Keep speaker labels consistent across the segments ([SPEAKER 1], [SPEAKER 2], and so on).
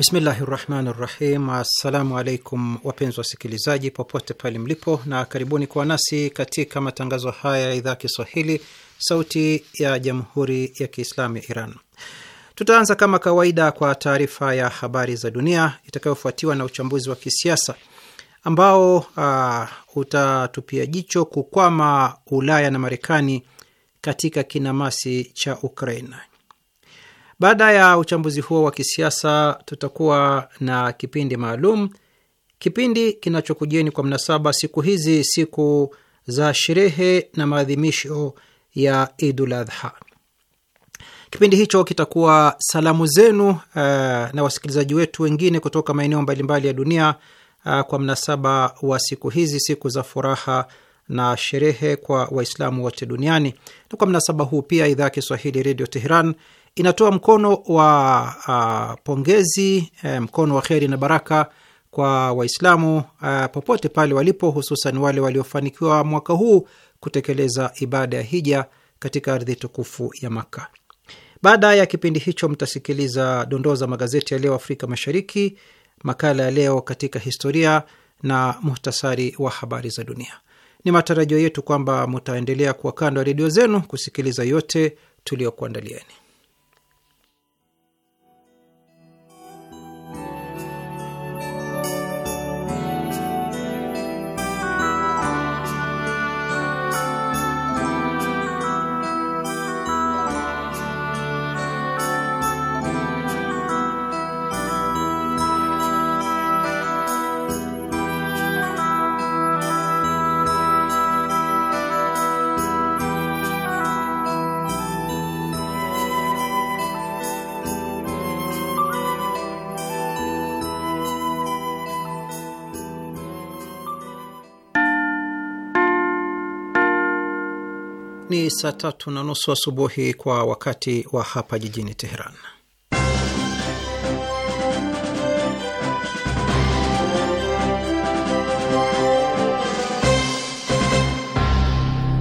[SPEAKER 1] Bismillahi rahmani rahim. Assalamu alaikum wapenzi wasikilizaji popote pale mlipo, na karibuni kwa nasi katika matangazo haya ya idhaa Kiswahili sauti ya jamhuri ya Kiislamu ya Iran. Tutaanza kama kawaida kwa taarifa ya habari za dunia itakayofuatiwa na uchambuzi wa kisiasa ambao uh, utatupia jicho kukwama Ulaya na Marekani katika kinamasi cha Ukraina. Baada ya uchambuzi huo wa kisiasa, tutakuwa na kipindi maalum, kipindi kinachokujieni kwa mnasaba siku hizi, siku za sherehe na maadhimisho ya Idul Adha. Kipindi hicho kitakuwa salamu zenu uh, na wasikilizaji wetu wengine kutoka maeneo mbalimbali ya dunia uh, kwa mnasaba wa siku hizi, siku za furaha na sherehe kwa Waislamu wote duniani. Na kwa mnasaba huu pia idhaa ya Kiswahili Redio Teheran inatoa mkono wa uh, pongezi eh, mkono wa kheri na baraka kwa Waislamu uh, popote pale walipo, hususan wale waliofanikiwa mwaka huu kutekeleza ibada ya hija katika ardhi tukufu ya Makka. Baada ya kipindi hicho, mtasikiliza dondoo za magazeti ya leo Afrika Mashariki, makala ya leo katika historia na muhtasari wa habari za dunia. Ni matarajio yetu kwamba mutaendelea kuwa kando ya redio zenu kusikiliza yote tuliyokuandalieni. saa tatu na nusu asubuhi wa kwa wakati wa hapa jijini Teheran.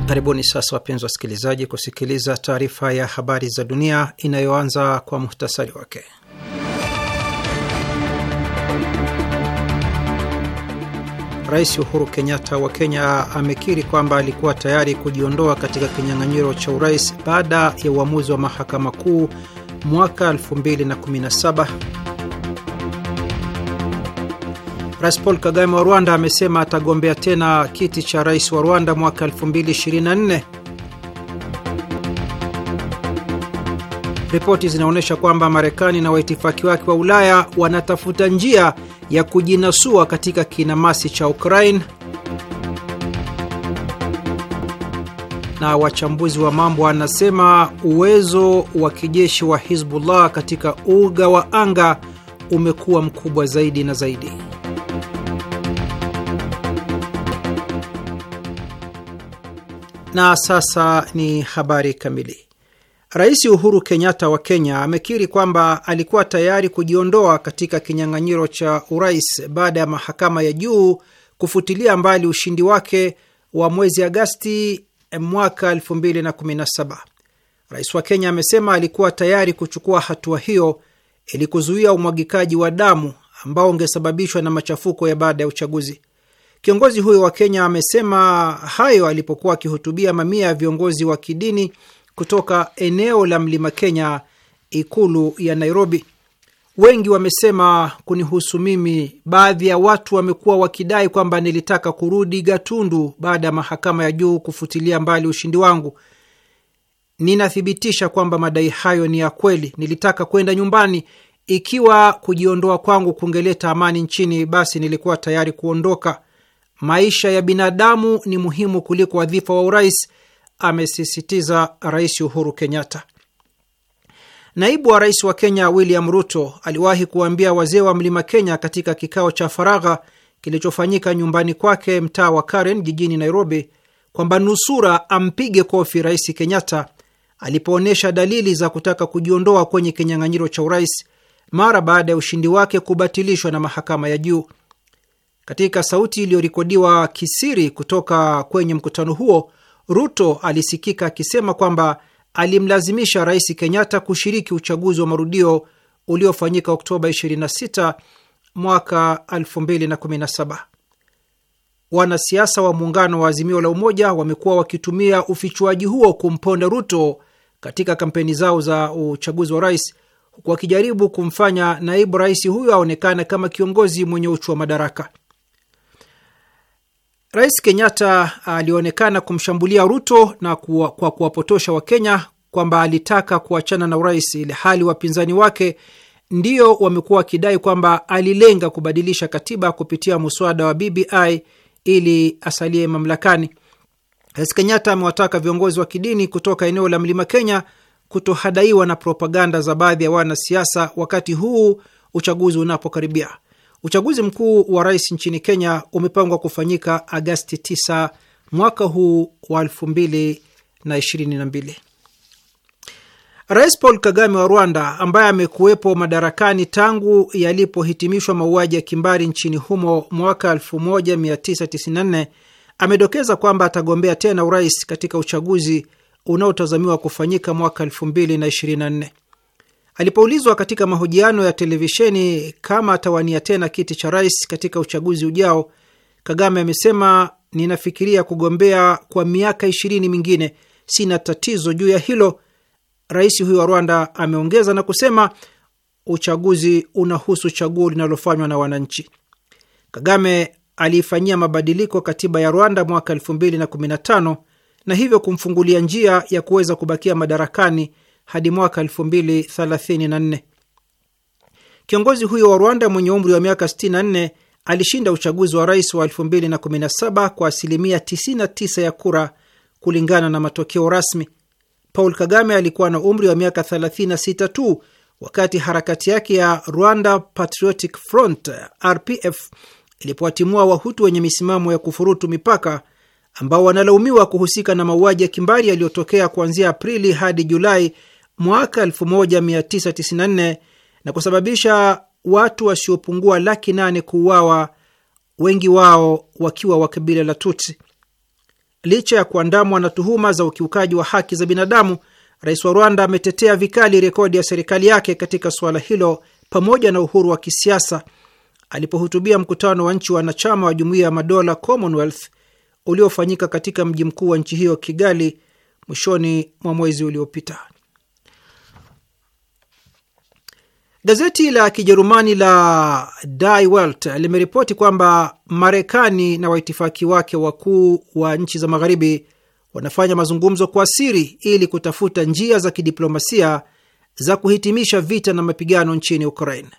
[SPEAKER 1] Karibuni sasa wapenzi wasikilizaji, kusikiliza taarifa ya habari za dunia inayoanza kwa muhtasari wake. Rais Uhuru Kenyatta wa Kenya amekiri kwamba alikuwa tayari kujiondoa katika kinyang'anyiro cha urais baada ya uamuzi wa mahakama kuu mwaka 2017. Rais Paul Kagame wa Rwanda amesema atagombea tena kiti cha rais wa Rwanda mwaka 2024. Ripoti zinaonyesha kwamba Marekani na waitifaki wake wa Ulaya wanatafuta njia ya kujinasua katika kinamasi cha Ukraine, na wachambuzi wa mambo anasema uwezo wa kijeshi wa Hizbullah katika uga wa anga umekuwa mkubwa zaidi na zaidi. Na sasa ni habari kamili. Rais Uhuru Kenyatta wa Kenya amekiri kwamba alikuwa tayari kujiondoa katika kinyang'anyiro cha urais baada ya mahakama ya juu kufutilia mbali ushindi wake wa mwezi Agasti mwaka 2017. Rais wa Kenya amesema alikuwa tayari kuchukua hatua hiyo ili kuzuia umwagikaji wa damu ambao ungesababishwa na machafuko ya baada ya uchaguzi. Kiongozi huyo wa Kenya amesema hayo alipokuwa akihutubia mamia ya viongozi wa kidini kutoka eneo la mlima Kenya, ikulu ya Nairobi. Wengi wamesema kunihusu mimi. Baadhi ya watu wamekuwa wakidai kwamba nilitaka kurudi Gatundu baada ya mahakama ya juu kufutilia mbali ushindi wangu. Ninathibitisha kwamba madai hayo ni ya kweli. Nilitaka kwenda nyumbani. Ikiwa kujiondoa kwangu kungeleta amani nchini, basi nilikuwa tayari kuondoka. Maisha ya binadamu ni muhimu kuliko wadhifa wa urais, amesisitiza Rais Uhuru Kenyatta. Naibu wa rais wa Kenya William Ruto aliwahi kuwaambia wazee wa mlima Kenya katika kikao cha faragha kilichofanyika nyumbani kwake mtaa wa Karen jijini Nairobi kwamba nusura ampige kofi Rais Kenyatta alipoonyesha dalili za kutaka kujiondoa kwenye kinyang'anyiro cha urais mara baada ya ushindi wake kubatilishwa na mahakama ya juu. Katika sauti iliyorekodiwa kisiri kutoka kwenye mkutano huo, Ruto alisikika akisema kwamba alimlazimisha Rais Kenyatta kushiriki uchaguzi wa marudio uliofanyika Oktoba 26 mwaka 2017. Wanasiasa wa muungano wa Azimio la Umoja wamekuwa wakitumia ufichuaji huo kumponda Ruto katika kampeni zao za uchaguzi wa rais, huku wakijaribu kumfanya naibu rais huyo aonekana kama kiongozi mwenye uchu wa madaraka. Rais Kenyatta alionekana kumshambulia Ruto na kuwa, kwa kuwapotosha Wakenya kwamba alitaka kuachana na urais, ili hali wapinzani wake ndio wamekuwa wakidai kwamba alilenga kubadilisha katiba kupitia muswada wa BBI ili asalie mamlakani. Rais Kenyatta amewataka viongozi wa kidini kutoka eneo la mlima Kenya kutohadaiwa na propaganda za baadhi ya wanasiasa wakati huu uchaguzi unapokaribia. Uchaguzi mkuu wa rais nchini Kenya umepangwa kufanyika Agasti 9 mwaka huu wa 2022. Rais Paul Kagame wa Rwanda, ambaye amekuwepo madarakani tangu yalipohitimishwa mauaji ya kimbari nchini humo mwaka 1994, amedokeza kwamba atagombea tena urais katika uchaguzi unaotazamiwa kufanyika mwaka 2024. Alipoulizwa katika mahojiano ya televisheni kama atawania tena kiti cha rais katika uchaguzi ujao, Kagame amesema, ninafikiria kugombea kwa miaka ishirini mingine, sina tatizo juu ya hilo. Rais huyo wa Rwanda ameongeza na kusema uchaguzi unahusu chaguo linalofanywa na wananchi. Kagame aliifanyia mabadiliko katiba ya Rwanda mwaka 2015 na hivyo kumfungulia njia ya kuweza kubakia madarakani hadi mwaka 2034. Kiongozi huyo wa Rwanda mwenye umri wa miaka 64 alishinda uchaguzi wa rais wa 2017 kwa asilimia 99 ya kura kulingana na matokeo rasmi. Paul Kagame alikuwa na umri wa miaka 36 tu wakati harakati yake ya Rwanda Patriotic Front RPF ilipowatimua Wahutu wenye misimamo ya kufurutu mipaka ambao wanalaumiwa kuhusika na mauaji ya kimbari yaliyotokea kuanzia Aprili hadi Julai mwaka 1994 na kusababisha watu wasiopungua laki nane kuuawa, wengi wao wakiwa wa kabila la Tutsi. Licha ya kuandamwa na tuhuma za ukiukaji wa haki za binadamu, rais wa Rwanda ametetea vikali rekodi ya serikali yake katika suala hilo pamoja na uhuru wa kisiasa alipohutubia mkutano wa nchi wanachama wa jumuiya ya madola Commonwealth uliofanyika katika mji mkuu wa nchi hiyo Kigali mwishoni mwa mwezi uliopita. Gazeti la Kijerumani la Die Welt limeripoti kwamba Marekani na waitifaki wake wakuu wa nchi za magharibi wanafanya mazungumzo kwa siri ili kutafuta njia za kidiplomasia za kuhitimisha vita na mapigano nchini Ukraine.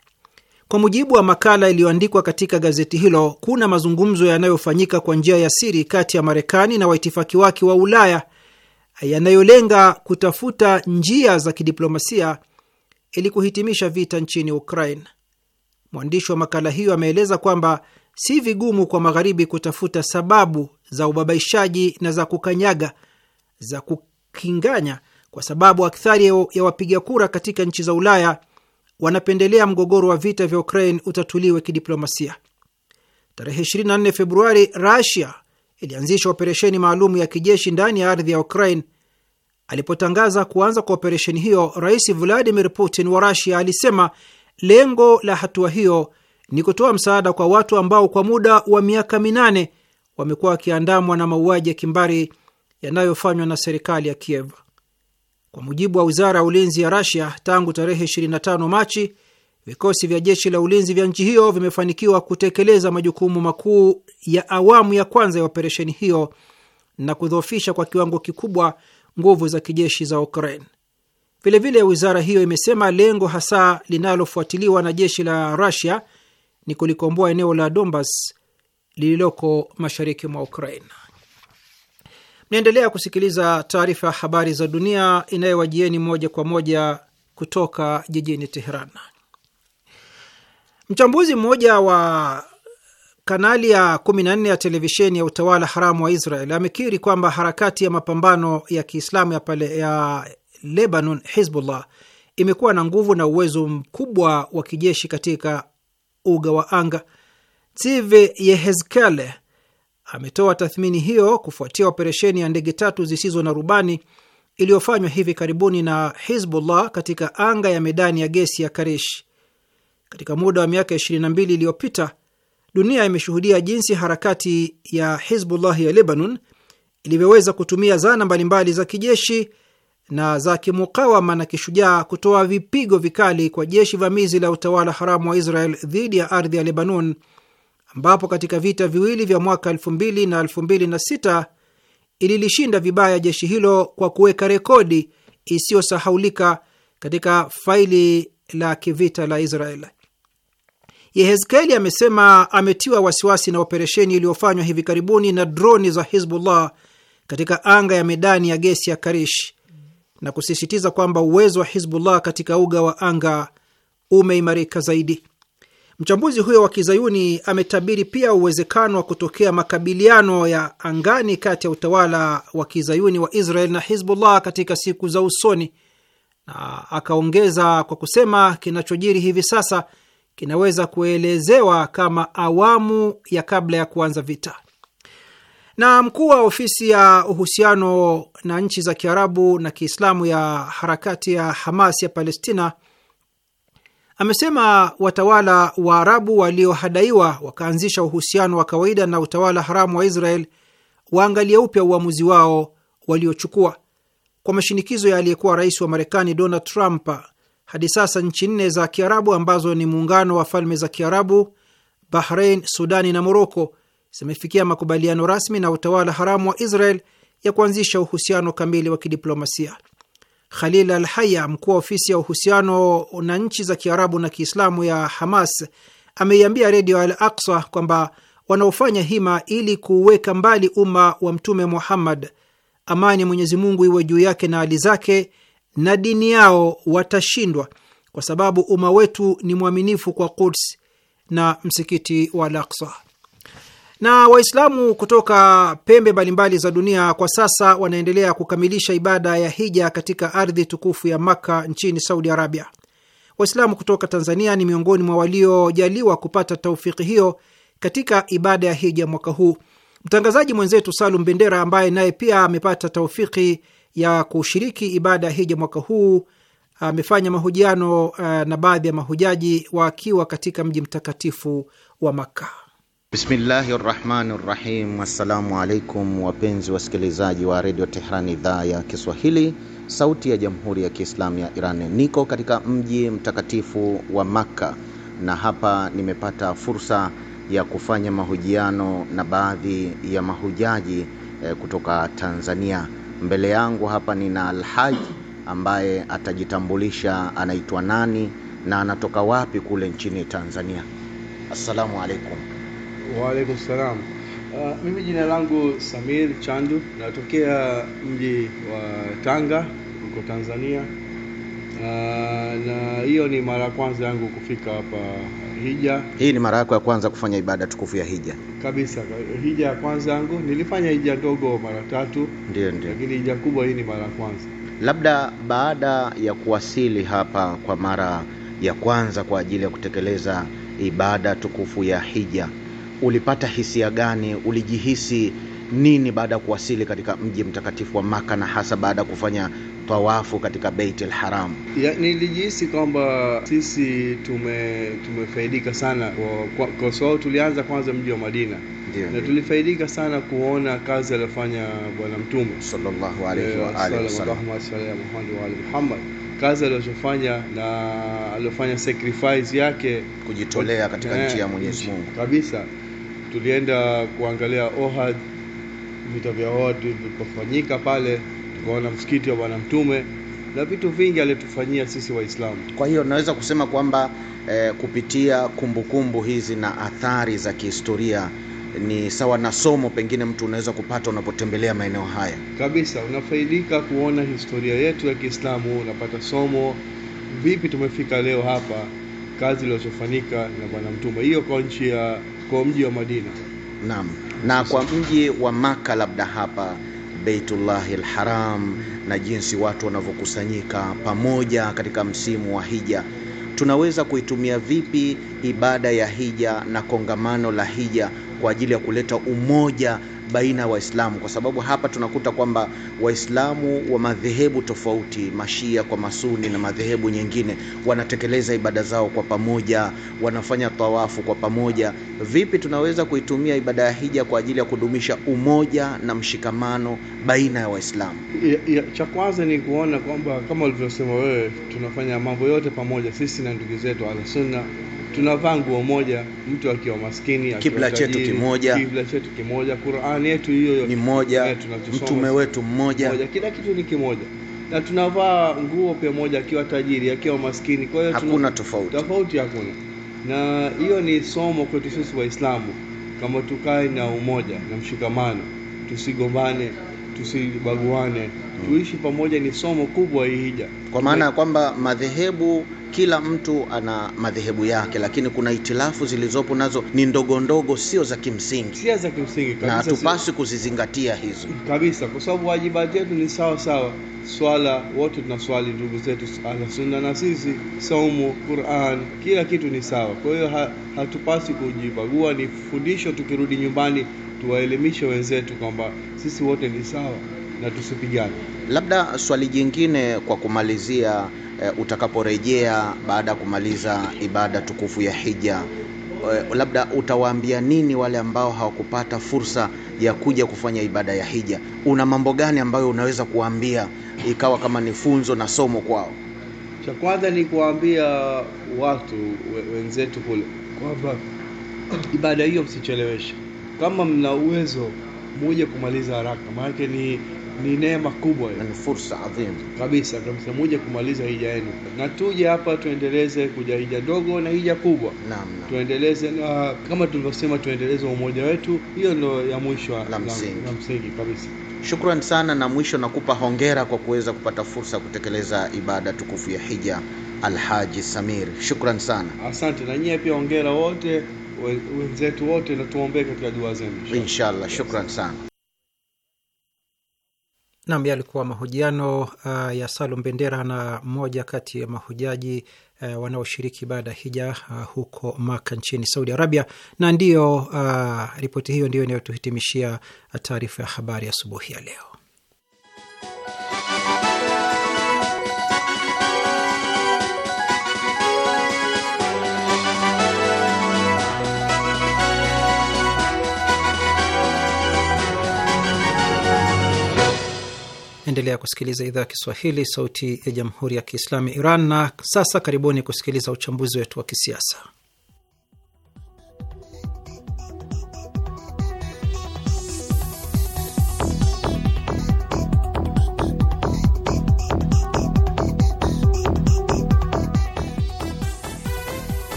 [SPEAKER 1] Kwa mujibu wa makala iliyoandikwa katika gazeti hilo, kuna mazungumzo yanayofanyika kwa njia ya siri kati ya Marekani na waitifaki wake wa Ulaya yanayolenga kutafuta njia za kidiplomasia ili kuhitimisha vita nchini Ukraine. Mwandishi wa makala hiyo ameeleza kwamba si vigumu kwa Magharibi kutafuta sababu za ubabaishaji na za kukanyaga za kukinganya, kwa sababu akthari ya wapiga kura katika nchi za Ulaya wanapendelea mgogoro wa vita vya Ukraine utatuliwe kidiplomasia. Tarehe 24 Februari, Russia ilianzisha operesheni maalum ya kijeshi ndani ya ardhi ya Ukraine Alipotangaza kuanza kwa operesheni hiyo, Rais Vladimir Putin wa Russia alisema lengo la hatua hiyo ni kutoa msaada kwa watu ambao kwa muda wa miaka minane wamekuwa wakiandamwa na mauaji ya kimbari yanayofanywa na serikali ya Kiev. Kwa mujibu wa wizara ya ulinzi ya Rasia, tangu tarehe 25 Machi, vikosi vya jeshi la ulinzi vya nchi hiyo vimefanikiwa kutekeleza majukumu makuu ya awamu ya kwanza ya operesheni hiyo na kudhoofisha kwa kiwango kikubwa nguvu za kijeshi za Ukraine. Vilevile, wizara hiyo imesema lengo hasa linalofuatiliwa na jeshi la Rusia ni kulikomboa eneo la Donbas lililoko mashariki mwa Ukraine. Mnaendelea kusikiliza taarifa ya habari za dunia inayowajieni moja kwa moja kutoka jijini Teheran. Mchambuzi mmoja wa Kanali ya 14 ya televisheni ya utawala haramu wa Israel amekiri kwamba harakati ya mapambano ya Kiislamu ya, ya Lebanon Hizbullah imekuwa na nguvu na uwezo mkubwa wa kijeshi katika uga wa anga. Tsive Yehezkale ametoa tathmini hiyo kufuatia operesheni ya ndege tatu zisizo na rubani iliyofanywa hivi karibuni na Hizbullah katika anga ya medani ya gesi ya Karish. Katika muda wa miaka 22 iliyopita dunia imeshuhudia jinsi harakati ya Hizbullah ya Lebanon ilivyoweza kutumia zana mbalimbali za kijeshi na za kimukawama na kishujaa kutoa vipigo vikali kwa jeshi vamizi la utawala haramu wa Israel dhidi ya ardhi ya Lebanon, ambapo katika vita viwili vya mwaka 2000 na 2006 ililishinda vibaya jeshi hilo kwa kuweka rekodi isiyosahaulika katika faili la kivita la Israel. Yehezkeli amesema ametiwa wasiwasi na operesheni iliyofanywa hivi karibuni na droni za Hizbullah katika anga ya medani ya gesi ya Karish na kusisitiza kwamba uwezo wa Hizbullah katika uga wa anga umeimarika zaidi. Mchambuzi huyo wa kizayuni ametabiri pia uwezekano wa kutokea makabiliano ya angani kati ya utawala wa kizayuni wa Israel na Hizbullah katika siku za usoni, na akaongeza kwa kusema kinachojiri hivi sasa kinaweza kuelezewa kama awamu ya kabla ya kuanza vita. Na mkuu wa ofisi ya uhusiano na nchi za Kiarabu na Kiislamu ya harakati ya Hamas ya Palestina amesema watawala wa Arabu waliohadaiwa wakaanzisha uhusiano wa kawaida na utawala haramu wa Israel waangalie upya uamuzi wao waliochukua kwa mashinikizo ya aliyekuwa rais wa Marekani Donald Trump. Hadi sasa nchi nne za Kiarabu ambazo ni muungano wa falme za Kiarabu, bahrein Sudani na Moroko zimefikia makubaliano rasmi na utawala haramu wa Israel ya kuanzisha uhusiano kamili wa kidiplomasia. Khalil Al Haya, mkuu wa ofisi ya uhusiano na nchi za Kiarabu na Kiislamu ya Hamas, ameiambia redio Al Aksa kwamba wanaofanya hima ili kuweka mbali umma wa Mtume Muhammad, amani Mwenyezi Mungu iwe juu yake na hali zake, na dini yao watashindwa, kwa sababu umma wetu ni mwaminifu kwa Quds na msikiti wa Al-Aqsa. Na Waislamu kutoka pembe mbalimbali za dunia kwa sasa wanaendelea kukamilisha ibada ya hija katika ardhi tukufu ya Makka nchini Saudi Arabia. Waislamu kutoka Tanzania ni miongoni mwa waliojaliwa kupata taufiki hiyo katika ibada ya hija mwaka huu. Mtangazaji mwenzetu Salum Bendera, ambaye naye pia amepata taufiki ya kushiriki ibada ya hija mwaka huu amefanya mahojiano uh, na baadhi ya mahujaji wakiwa katika mji mtakatifu wa Makka.
[SPEAKER 2] Bismillahi rahmani rahim. Assalamu alaikum wapenzi wasikilizaji wa redio Tehran, idhaa ya Kiswahili, sauti ya jamhuri ya kiislamu ya Iran. Niko katika mji mtakatifu wa Makka na hapa nimepata fursa ya kufanya mahojiano na baadhi ya mahujaji eh, kutoka Tanzania mbele yangu hapa nina Alhaji ambaye atajitambulisha anaitwa nani na anatoka wapi kule nchini Tanzania. Assalamu alaikum.
[SPEAKER 3] Waalaikum salam. Uh, mimi jina langu Samir Chandu, natokea mji wa Tanga huko Tanzania na, hiyo ni mara ya kwanza yangu kufika hapa hija.
[SPEAKER 2] Hii ni mara yako ya kwanza kufanya ibada tukufu ya hija?
[SPEAKER 3] Kabisa, hija ya kwanza yangu. Nilifanya hija ndogo mara tatu, ndio ndio, lakini hija kubwa hii ni mara ya kwanza.
[SPEAKER 2] Labda baada ya kuwasili hapa kwa mara ya kwanza kwa ajili ya kutekeleza ibada tukufu ya hija, ulipata hisia gani? Ulijihisi nini baada ya kuwasili katika mji mtakatifu wa Maka na hasa baada ya kufanya wafu katika Baitul Haram.
[SPEAKER 3] Ya, nilijihisi kwamba sisi tume tumefaidika sana kwa, kwa, kwa sababu tulianza kwanza mji wa Madina Ndiyo. na tulifaidika sana kuona kazi aliyofanya Bwana Mtume sallallahu alaihi wa alihi wasallam Muhammad kazi aliyofanya na aliyofanya sacrifice yake kujitolea katika eh, njia ya Mwenyezi Mungu kabisa. Tulienda kuangalia Ohad, vita vya Ohad vilivyofanyika pale na msikiti wa Bwana Mtume na vitu vingi alitufanyia sisi Waislamu. Kwa hiyo
[SPEAKER 2] naweza kusema kwamba eh, kupitia kumbukumbu -kumbu hizi na athari za kihistoria ni sawa na somo pengine mtu unaweza kupata unapotembelea maeneo haya
[SPEAKER 3] kabisa. Unafaidika kuona historia yetu ya Kiislamu, unapata somo vipi tumefika leo hapa, kazi iliyofanyika na Bwana Mtume, hiyo kwa nchi ya kwa mji wa Madina.
[SPEAKER 2] Naam, na kwa mji wa Maka labda hapa Beitullahi lharam na jinsi watu wanavyokusanyika pamoja katika msimu wa hija. Tunaweza kuitumia vipi ibada ya hija na kongamano la hija kwa ajili ya kuleta umoja baina ya Waislamu, kwa sababu hapa tunakuta kwamba Waislamu wa madhehebu tofauti, mashia kwa masuni na madhehebu nyingine, wanatekeleza ibada zao kwa pamoja, wanafanya tawafu kwa pamoja. Vipi tunaweza kuitumia ibada ya hija kwa ajili ya kudumisha umoja na mshikamano baina ya Waislamu?
[SPEAKER 3] Cha kwanza ni kuona kwamba kama ulivyosema wewe, tunafanya mambo yote pamoja, sisi na ndugu zetu ala sunna tunavaa nguo moja, mtu akiwa maskini, kibla chetu kimoja, kibla chetu kimoja, Qur'ani yetu hiyo ni moja, eh, mtume wetu mmoja, kila kitu ni kimoja na tunavaa nguo pia moja, akiwa tajiri, akiwa maskini. Kwa hiyo hakuna tofauti, tofauti hakuna. Na hiyo ni somo kwetu sisi Waislamu, kama tukae na umoja na mshikamano, tusigombane, tusibaguane, mm. tuishi pamoja. Ni somo kubwa hii hija, kwa maana ya
[SPEAKER 2] kwamba madhehebu kila mtu ana madhehebu yake, lakini kuna itilafu zilizopo nazo ni ndogo ndogo, sio za kimsingi,
[SPEAKER 3] sio za kimsingi kabisa, na
[SPEAKER 2] tupasi kuzizingatia hizo
[SPEAKER 3] kabisa, kwa sababu wajibati wetu ni sawa sawa swala wote tunaswali, ndugu zetu ala sunna na sisi, saumu, Qur'an, kila kitu ni sawa. Kwa hiyo ha, hatupasi kujibagua. Ni fundisho, tukirudi nyumbani tuwaelimishe wenzetu kwamba sisi wote ni sawa na tusipigane.
[SPEAKER 2] Labda swali jingine kwa kumalizia, e, utakaporejea baada ya kumaliza ibada tukufu ya hija e, labda utawaambia nini wale ambao hawakupata fursa ya kuja kufanya ibada ya hija? Una mambo gani ambayo unaweza kuwaambia ikawa kama ni funzo na somo kwao?
[SPEAKER 3] Cha kwanza ni kuwaambia watu we, wenzetu kule kwamba ibada hiyo msicheleweshe. Kama mna uwezo muje kumaliza haraka, maanake ni ni neema kubwa na ni fursa adhimu kabisa kabisa, moja kumaliza hija yenu, na tuje hapa tuendeleze kuja hija ndogo na hija kubwa. Naam, tuendeleze na kama tulivyosema, tuendeleze umoja wetu. Hiyo ndio ya mwisho la msingi kabisa.
[SPEAKER 2] Shukran sana, na mwisho nakupa hongera kwa kuweza kupata fursa ya kutekeleza ibada tukufu ya hija. Alhaji Samir, shukran sana,
[SPEAKER 3] asante. Na nyie pia hongera wote wenzetu wote, na tuombee katika dua zenu inshallah. Shukran sana.
[SPEAKER 2] Nam,
[SPEAKER 1] yalikuwa mahojiano uh, ya Salum Bendera na mmoja kati ya mahujaji uh, wanaoshiriki baada ya hija uh, huko Maka nchini Saudi Arabia. Na ndiyo uh, ripoti hiyo ndiyo inayotuhitimishia uh, taarifa ya habari asubuhi ya, ya leo. Endelea kusikiliza idhaa ya Kiswahili, sauti ya jamhuri ya kiislamu ya Iran. Na sasa karibuni kusikiliza uchambuzi wetu wa kisiasa.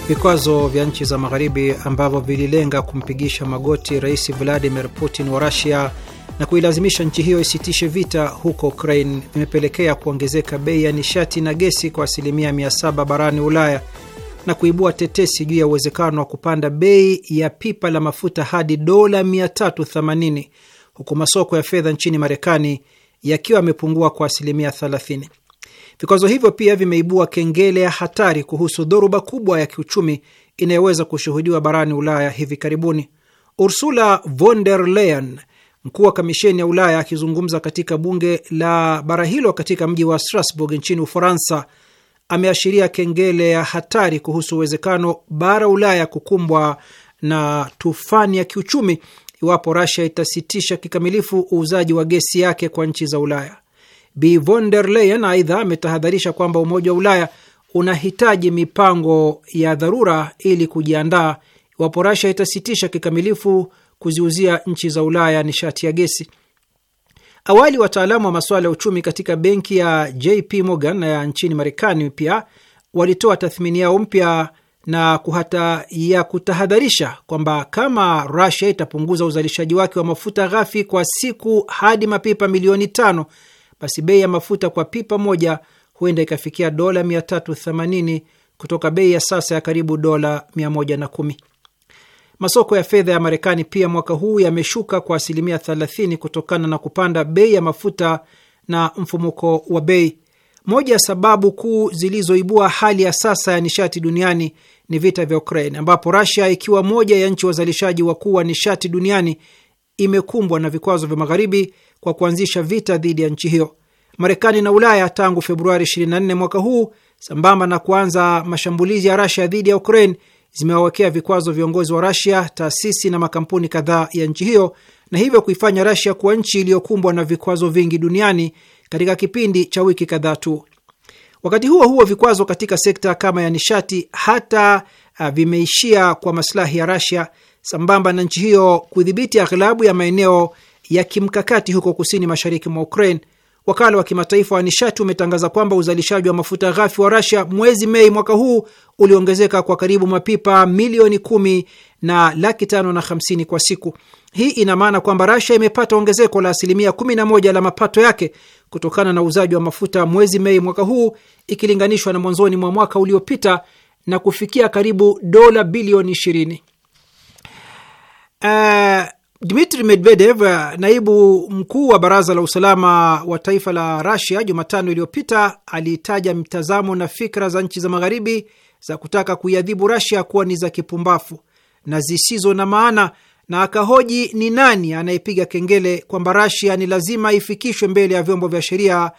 [SPEAKER 1] Vikwazo vya nchi za Magharibi ambavyo vililenga kumpigisha magoti rais Vladimir Putin wa Rusia na kuilazimisha nchi hiyo isitishe vita huko Ukraine vimepelekea kuongezeka bei ya nishati na gesi kwa asilimia 700 barani Ulaya na kuibua tetesi juu ya uwezekano wa kupanda bei ya pipa la mafuta hadi dola 380 huku masoko ya fedha nchini Marekani yakiwa yamepungua kwa asilimia 30. Vikwazo hivyo pia vimeibua kengele ya hatari kuhusu dhoruba kubwa ya kiuchumi inayoweza kushuhudiwa barani Ulaya hivi karibuni. Ursula von der Leyen, Mkuu wa kamisheni ya Ulaya akizungumza katika bunge la bara hilo katika mji wa Strasbourg nchini Ufaransa ameashiria kengele ya hatari kuhusu uwezekano bara Ulaya kukumbwa na tufani ya kiuchumi iwapo rasia itasitisha kikamilifu uuzaji wa gesi yake kwa nchi za Ulaya. Bi von der Leyen aidha ametahadharisha kwamba Umoja wa Ulaya unahitaji mipango ya dharura ili kujiandaa iwapo rasia itasitisha kikamilifu kuziuzia nchi za Ulaya nishati ya gesi. Awali wataalamu wa masuala ya uchumi katika benki ya JP Morgan ya nchini Marekani pia walitoa tathmini yao mpya na kuhata ya kutahadharisha kwamba kama Russia itapunguza uzalishaji wake wa mafuta ghafi kwa siku hadi mapipa milioni tano, basi bei ya mafuta kwa pipa moja huenda ikafikia dola 380 kutoka bei ya sasa ya karibu dola 110. Masoko ya fedha ya Marekani pia mwaka huu yameshuka kwa asilimia 30 kutokana na kupanda bei ya mafuta na mfumuko wa bei. Moja ya sababu kuu zilizoibua hali ya sasa ya nishati duniani ni vita vya Ukraine, ambapo rasia ikiwa moja ya nchi wazalishaji wakuu wa nishati duniani imekumbwa na vikwazo vya Magharibi kwa kuanzisha vita dhidi ya nchi hiyo. Marekani na Ulaya tangu Februari 24 mwaka huu, sambamba na kuanza mashambulizi ya rusia dhidi ya Ukraine, zimewawekea vikwazo viongozi wa Rasia, taasisi na makampuni kadhaa ya nchi hiyo na hivyo kuifanya Rasia kuwa nchi iliyokumbwa na vikwazo vingi duniani katika kipindi cha wiki kadhaa tu. Wakati huo huo, vikwazo katika sekta kama ya nishati hata uh, vimeishia kwa masilahi ya Rasia, sambamba na nchi hiyo kudhibiti aghlabu ya maeneo ya kimkakati huko kusini mashariki mwa Ukraine Wakala wa kimataifa wa nishati umetangaza kwamba uzalishaji wa mafuta ghafi wa Rasia mwezi Mei mwaka huu uliongezeka kwa karibu mapipa milioni kumi na laki tano na hamsini kwa siku. Hii ina maana kwamba Rasia imepata ongezeko la asilimia moja la mapato yake kutokana na uuzaji wa mafuta mwezi Mei mwaka huu ikilinganishwa na mwanzoni mwa mwaka uliopita na kufikia karibu dola bilioni ishirini. Uh, Dmitri Medvedev, eh, naibu mkuu wa baraza la usalama wa taifa la Rasia, Jumatano iliyopita alitaja mtazamo na fikra za nchi za magharibi za kutaka kuiadhibu Rasia kuwa ni za kipumbafu na zisizo na maana, na akahoji ni nani anayepiga kengele kwamba Rasia ni lazima ifikishwe mbele ya vyombo vya sheria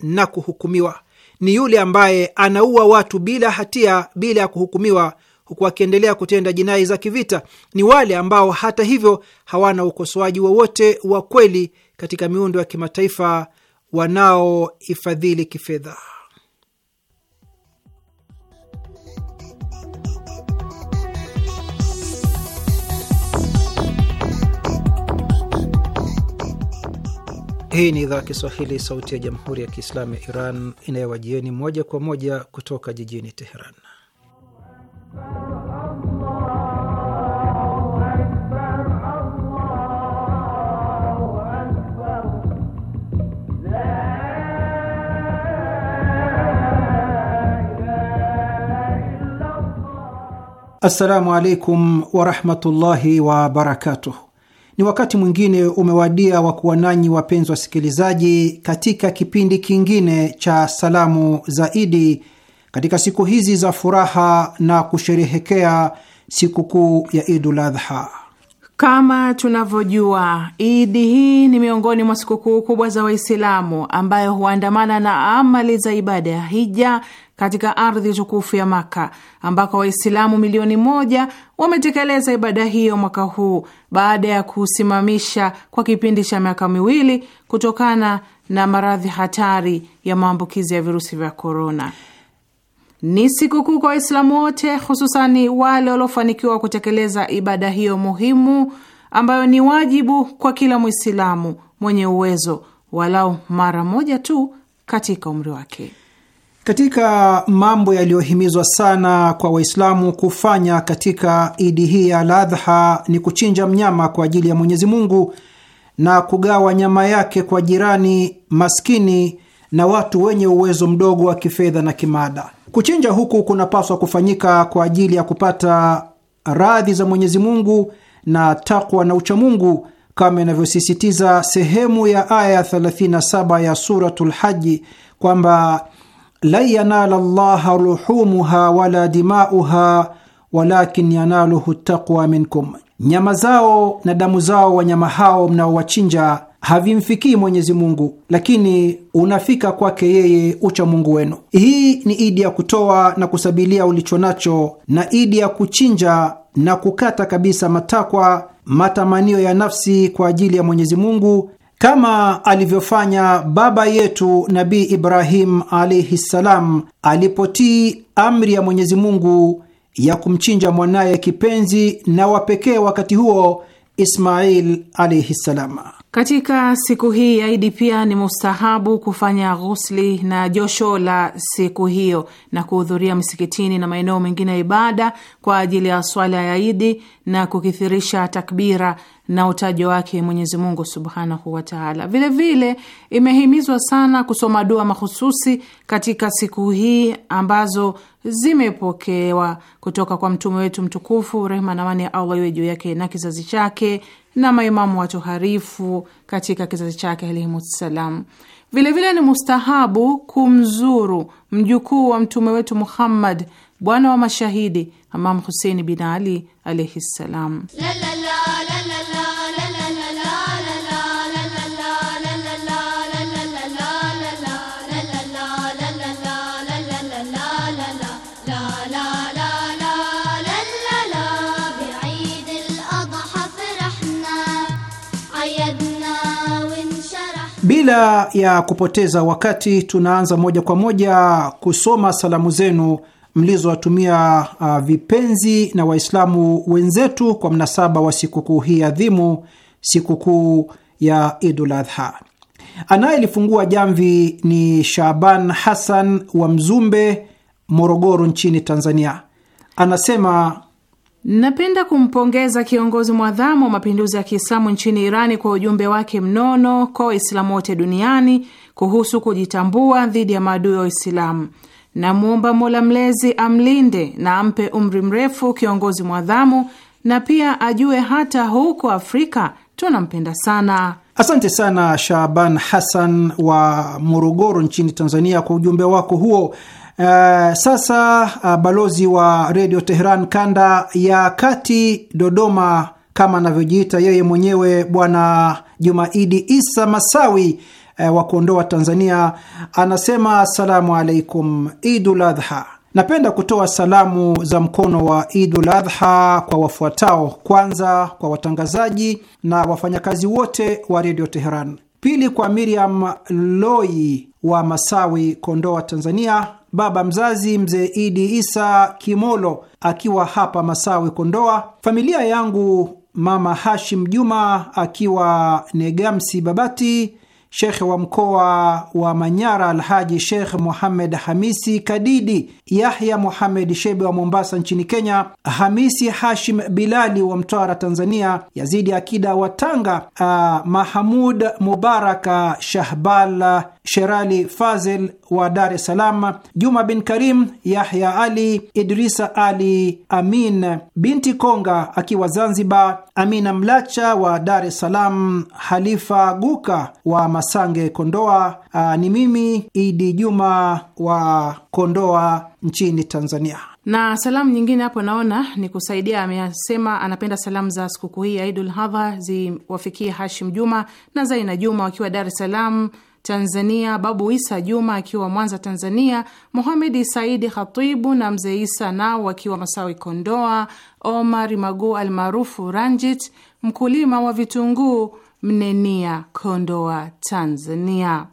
[SPEAKER 1] na kuhukumiwa. Ni yule ambaye anaua watu bila hatia, bila ya kuhukumiwa huku wakiendelea kutenda jinai za kivita ni wale ambao hata hivyo hawana ukosoaji wowote wa, wa kweli katika miundo ya kimataifa wanaoifadhili kifedha. Hii ni idhaa Kiswahili, sauti ya jamhuri ya kiislamu ya Iran inayowajieni moja kwa moja kutoka jijini Teheran. Assalamu alaikum warahmatullahi wabarakatuh. Ni wakati mwingine umewadia wa kuwa nanyi wapenzi wasikilizaji, katika kipindi kingine cha salamu za Idi katika siku hizi za furaha na kusherehekea sikukuu ya Idul Adha.
[SPEAKER 4] Kama tunavyojua Idi hii ni miongoni mwa sikukuu kubwa za Waislamu ambayo huandamana na amali za ibada ya hija katika ardhi tukufu ya Maka ambako Waislamu milioni moja wametekeleza ibada hiyo mwaka huu baada ya kusimamisha kwa kipindi cha miaka miwili kutokana na maradhi hatari ya maambukizi ya virusi vya korona. Ni sikukuu kwa Waislamu wote, hususani wale waliofanikiwa kutekeleza ibada hiyo muhimu ambayo ni wajibu kwa kila Mwislamu mwenye uwezo walau mara moja tu katika umri wake.
[SPEAKER 1] Katika mambo yaliyohimizwa sana kwa Waislamu kufanya katika idi hii ya Aladha ni kuchinja mnyama kwa ajili ya Mwenyezi Mungu na kugawa nyama yake kwa jirani maskini na watu wenye uwezo mdogo wa kifedha na kimada Kuchinja huku kunapaswa kufanyika kwa ajili ya kupata radhi za Mwenyezi Mungu na takwa na uchamungu kama inavyosisitiza sehemu ya aya 37 ya Suratul Haji kwamba lan yanala llaha ruhumuha wala dimauha walakin yanaluhu taqwa minkum, nyama zao na damu zao wanyama hao mnaowachinja havimfikii Mwenyezi Mungu, lakini unafika kwake yeye ucha Mungu wenu. Hii ni idi ya kutoa na kusabilia ulicho nacho na idi ya kuchinja na kukata kabisa matakwa, matamanio ya nafsi kwa ajili ya Mwenyezi Mungu kama alivyofanya baba yetu Nabii Ibrahim alaihi ssalam alipotii amri ya Mwenyezi Mungu ya kumchinja mwanaye kipenzi na wapekee wakati huo Ismail alaihi ssalam.
[SPEAKER 4] Katika siku hii ya Idi pia ni mustahabu kufanya ghusli na josho la siku hiyo na kuhudhuria msikitini na maeneo mengine ya ibada kwa ajili ya swala ya Idi na kukithirisha takbira na utajo wake Mwenyezi Mungu subhanahu wataala. Vilevile imehimizwa sana kusoma dua mahususi katika siku hii ambazo zimepokewa kutoka kwa mtume wetu mtukufu, rehma na amani ya Allah iwe juu yake na kizazi chake, na maimamu watoharifu katika kizazi chake alaihimussalam. Vilevile ni mustahabu kumzuru mjukuu wa mtume wetu Muhammad, bwana wa mashahidi, Imam Huseini bin Ali alaihi ssalam.
[SPEAKER 1] Bila ya kupoteza wakati, tunaanza moja kwa moja kusoma salamu zenu mlizowatumia uh, vipenzi na Waislamu wenzetu kwa mnasaba wa sikukuu hii adhimu, sikukuu ya Idul Adha. Anayelifungua jamvi ni Shaban Hassan wa Mzumbe, Morogoro, nchini Tanzania.
[SPEAKER 4] Anasema Napenda kumpongeza kiongozi mwadhamu wa mapinduzi ya Kiislamu nchini Irani kwa ujumbe wake mnono kwa Waislamu wote duniani kuhusu kujitambua dhidi ya maadui wa Waislamu. Namwomba Mola Mlezi amlinde na ampe umri mrefu kiongozi mwadhamu, na pia ajue hata huko Afrika tunampenda sana.
[SPEAKER 1] Asante sana Shaban Hassan wa Morogoro nchini Tanzania kwa ujumbe wako huo. Uh, sasa uh, balozi wa redio Teheran kanda ya kati Dodoma, kama anavyojiita yeye mwenyewe Bwana Jumaidi Isa Masawi uh, wa kuondoa Tanzania, anasema assalamu alaikum, Idul Adha. Napenda kutoa salamu za mkono wa Idul Adha kwa wafuatao: kwanza, kwa watangazaji na wafanyakazi wote wa redio Teheran; pili, kwa Miriam Loi wa Masawi, Kondoa, Tanzania baba mzazi mzee Idi Isa Kimolo akiwa hapa masawe Kondoa, familia yangu mama Hashim Juma akiwa Negamsi, Babati, shekhe wa mkoa wa Manyara Alhaji Shekh Muhamed Hamisi Kadidi, Yahya Muhamed Shebe wa Mombasa nchini Kenya, Hamisi Hashim Bilali wa Mtwara Tanzania, Yazidi Akida wa Tanga, uh, Mahamud Mubaraka Shahbal Sherali Fazel wa Dar es Salaam, Juma bin Karim Yahya Ali Idrisa Ali Amin binti Konga akiwa Zanzibar, Amina Mlacha wa Dar es Salaam, Halifa Guka wa Masange, Kondoa. Aa, ni mimi Idi Juma wa Kondoa nchini Tanzania.
[SPEAKER 4] Na salamu nyingine hapo naona ni kusaidia, amesema anapenda salamu za sikukuu hii ya Idul Hadha ziwafikie Hashim Juma na Zaina Juma wakiwa Dar es Salaam Tanzania, Babu Isa Juma akiwa Mwanza Tanzania, muhamedi Saidi Khatibu na Mzee Isa nao wakiwa Masawi Kondoa, Omar Magu almaarufu Ranjit, mkulima wa vitunguu Mnenia, Kondoa, Tanzania.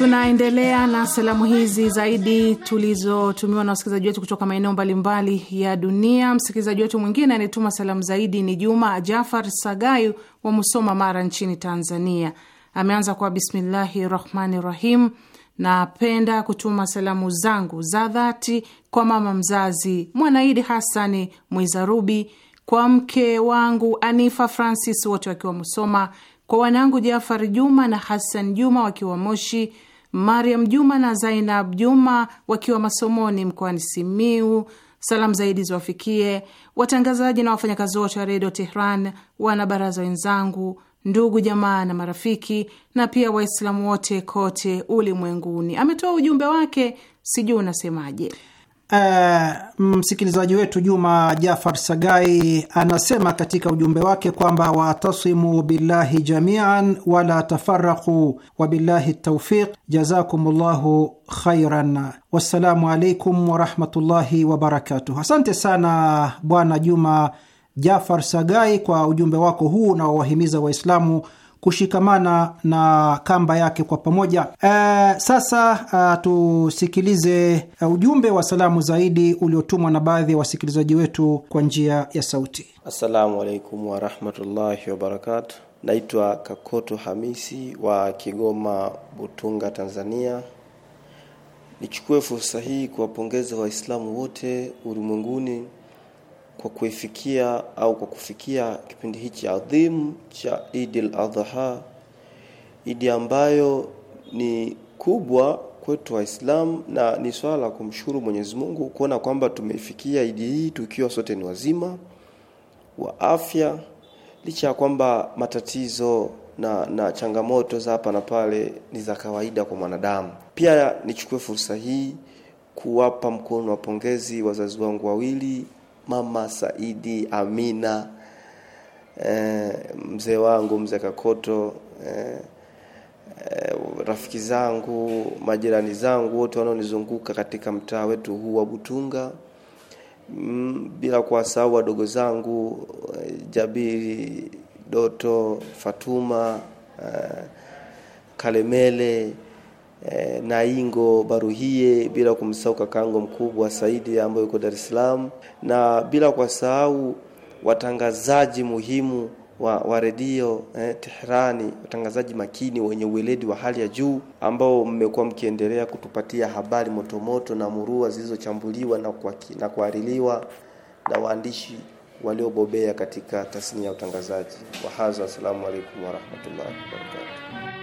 [SPEAKER 4] Tunaendelea na salamu hizi zaidi tulizotumiwa na wasikilizaji wetu kutoka maeneo mbalimbali ya dunia. Msikilizaji wetu mwingine anayetuma salamu zaidi ni Juma Jafar sagai wa Musoma, Mara, nchini Tanzania. Ameanza kwa bismillahi rahmani rahim, napenda kutuma salamu zangu za dhati kwa mama mzazi Mwanaidi Hasani Mwizarubi, kwa mke wangu Anifa Francis, wote wakiwa Musoma, kwa wanangu Jafar Juma na hasan Juma wakiwa Moshi, Mariam Juma na Zainab Juma wakiwa masomoni mkoani Simiu. Salamu zaidi ziwafikie watangazaji na wafanyakazi wote wa redio Tehran, wana baraza wenzangu, ndugu jamaa na marafiki, na pia Waislamu wote kote ulimwenguni. Ametoa ujumbe wake, sijui unasemaje.
[SPEAKER 1] Uh, msikilizaji wetu Juma Jafar Sagai anasema katika ujumbe wake kwamba watasimu billahi jamian wala tafaraku wabillahi taufiq. Jazakumullahu khairan, wassalamu alaikum warahmatullahi wabarakatuh. Asante sana Bwana Juma Jafar Sagai kwa ujumbe wako huu unaowahimiza Waislamu kushikamana na kamba yake kwa pamoja. E, sasa a, eh, tusikilize a, eh, ujumbe wa salamu zaidi uliotumwa na baadhi ya wasikilizaji wetu kwa njia ya sauti.
[SPEAKER 5] Assalamu alaikum warahmatullahi wabarakatu. Naitwa Kakoto Hamisi wa Kigoma Butunga, Tanzania. Nichukue fursa hii kuwapongeza Waislamu wote ulimwenguni kwa kuifikia au kwa kufikia kipindi hichi adhimu cha Idil Adha, idi ambayo ni kubwa kwetu Waislamu na ni swala la kumshukuru Mwenyezi Mungu kuona kwamba tumeifikia idi hii tukiwa sote ni wazima wa afya, licha ya kwamba matatizo na, na changamoto za hapa na pale ni za kawaida kwa mwanadamu. Pia nichukue fursa hii kuwapa mkono wa pongezi wazazi wangu wawili mama Saidi, Amina eh, mzee wangu mzee Kakoto eh, eh, rafiki zangu, majirani zangu wote wanaonizunguka katika mtaa wetu huu wa Butunga mm, bila kuwasahau wadogo zangu eh, Jabiri, Doto, Fatuma eh, Kalemele Eh, na Ingo Baruhie, bila kumsahau kakangu mkubwa Saidi ambaye yuko Dar es Salaam, na bila kuwasahau watangazaji muhimu wa, wa redio eh, Tehrani, watangazaji makini wenye uweledi wa hali ya juu ambao mmekuwa mkiendelea kutupatia habari motomoto na murua zilizochambuliwa na, na kuhaririwa na waandishi waliobobea katika tasnia ya utangazaji. Wahadha, assalamu alaikum warahmatullahi wabarakatuh.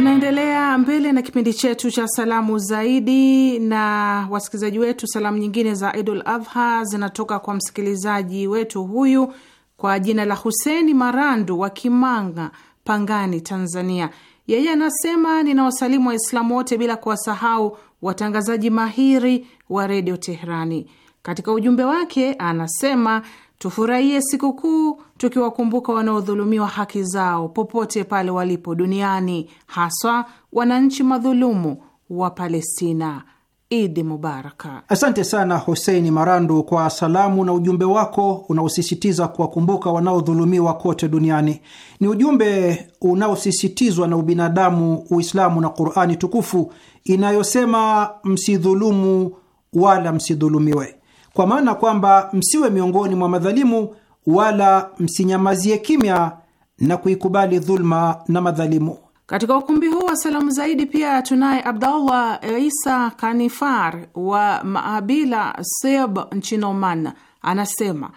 [SPEAKER 4] Tunaendelea mbele na kipindi chetu cha salamu zaidi na wasikilizaji wetu. Salamu nyingine za Idul Adha zinatoka kwa msikilizaji wetu huyu kwa jina la Huseni Marandu wa Kimanga, Pangani, Tanzania. Yeye anasema ninawasalimu Waislamu wote bila kuwasahau watangazaji mahiri wa redio Teherani. Katika ujumbe wake anasema Tufurahie sikukuu tukiwakumbuka wanaodhulumiwa haki zao popote pale walipo duniani, haswa wananchi madhulumu wa Palestina. Idi mubaraka.
[SPEAKER 1] Asante sana Huseini Marandu kwa salamu na ujumbe wako unaosisitiza kuwakumbuka wanaodhulumiwa kote duniani. Ni ujumbe unaosisitizwa na ubinadamu, Uislamu na Qurani tukufu inayosema msidhulumu wala msidhulumiwe kwa maana kwamba msiwe miongoni mwa madhalimu wala msinyamazie kimya na kuikubali dhulma na madhalimu.
[SPEAKER 4] Katika ukumbi huu wa salamu zaidi pia tunaye Abdallah Isa Kanifar wa Maabila Seb nchini Oman, anasema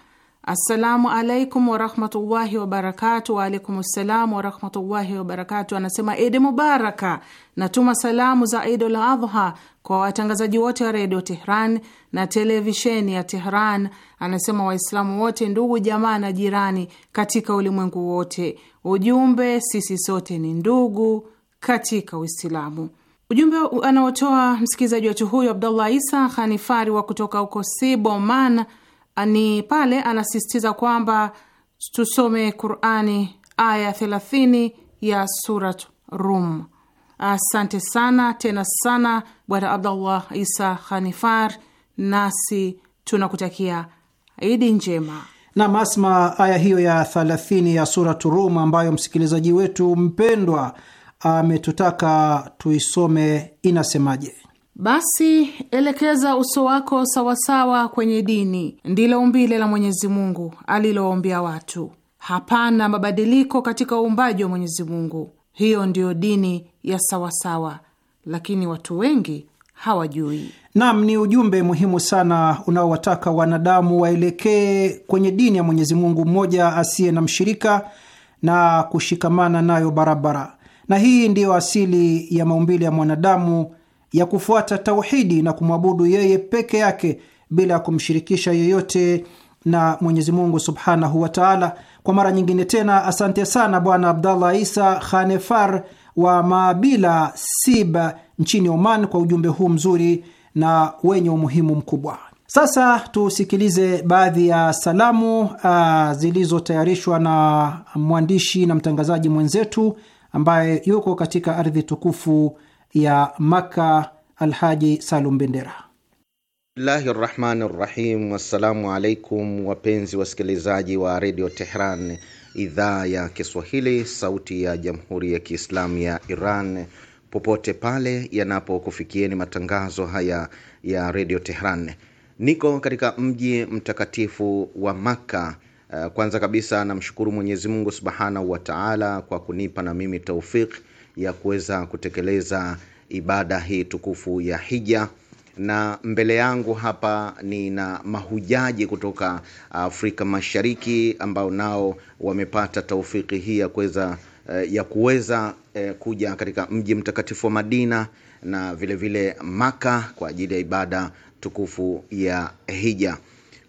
[SPEAKER 4] assalamu alaikum warahmatullahi wabarakatu. Waalaikum ssalam warahmatullahi wabarakatu. Anasema Idi mubaraka, natuma salamu za Idul Adha kwa watangazaji wote wa redio Tehran na televisheni ya Tehran. Anasema Waislamu wote, ndugu jamaa na jirani katika ulimwengu wote, ujumbe sisi sote ni ndugu katika Uislamu. Ujumbe anaotoa msikilizaji wetu huyu Abdullah Isa Hanifari wa kutoka huko Siboman ni pale anasisitiza kwamba tusome Qurani aya 30 ya Surat Rum. Asante sana tena sana Bwana Abdullah Isa hanifar nasi tunakutakia Idi njema.
[SPEAKER 1] Nam Asma, aya hiyo ya 30 ya Suratu Rum ambayo msikilizaji wetu mpendwa ametutaka tuisome inasemaje?
[SPEAKER 4] Basi elekeza uso wako sawasawa kwenye dini, ndilo umbile la Mwenyezi Mungu alilowaombea watu. Hapana mabadiliko katika uumbaji wa Mwenyezi Mungu. Hiyo ndiyo dini ya sawasawa, lakini watu wengi hawajui.
[SPEAKER 1] Naam, ni ujumbe muhimu sana unaowataka wanadamu waelekee kwenye dini ya Mwenyezi Mungu mmoja asiye na mshirika na kushikamana nayo barabara, na hii ndiyo asili ya maumbile ya mwanadamu ya kufuata tauhidi na kumwabudu yeye peke yake bila ya kumshirikisha yeyote na Mwenyezi Mungu subhanahu wa taala. Kwa mara nyingine tena, asante sana Bwana Abdallah Isa Khanefar wa Maabila Sib nchini Oman kwa ujumbe huu mzuri na wenye umuhimu mkubwa. Sasa tusikilize baadhi ya salamu ah, zilizotayarishwa na mwandishi na mtangazaji mwenzetu ambaye yuko katika ardhi tukufu ya Makka, Alhaji Salum Bendera.
[SPEAKER 2] Bismillahi rahmani rahim. Wassalamu alaikum wapenzi wasikilizaji wa redio Tehran idhaa ya Kiswahili, sauti ya jamhuri ya kiislamu ya Iran. Popote pale yanapokufikieni matangazo haya ya redio Tehran, niko katika mji mtakatifu wa Makka. Eh, kwanza kabisa namshukuru Mwenyezi Mungu subhanahu wa taala kwa kunipa na mimi taufik ya kuweza kutekeleza ibada hii tukufu ya hija na mbele yangu hapa nina mahujaji kutoka Afrika Mashariki ambao nao wamepata taufiki hii ya kuweza eh, ya kuweza eh, kuja katika mji mtakatifu wa Madina na vile vile Maka kwa ajili ya ibada tukufu ya hija.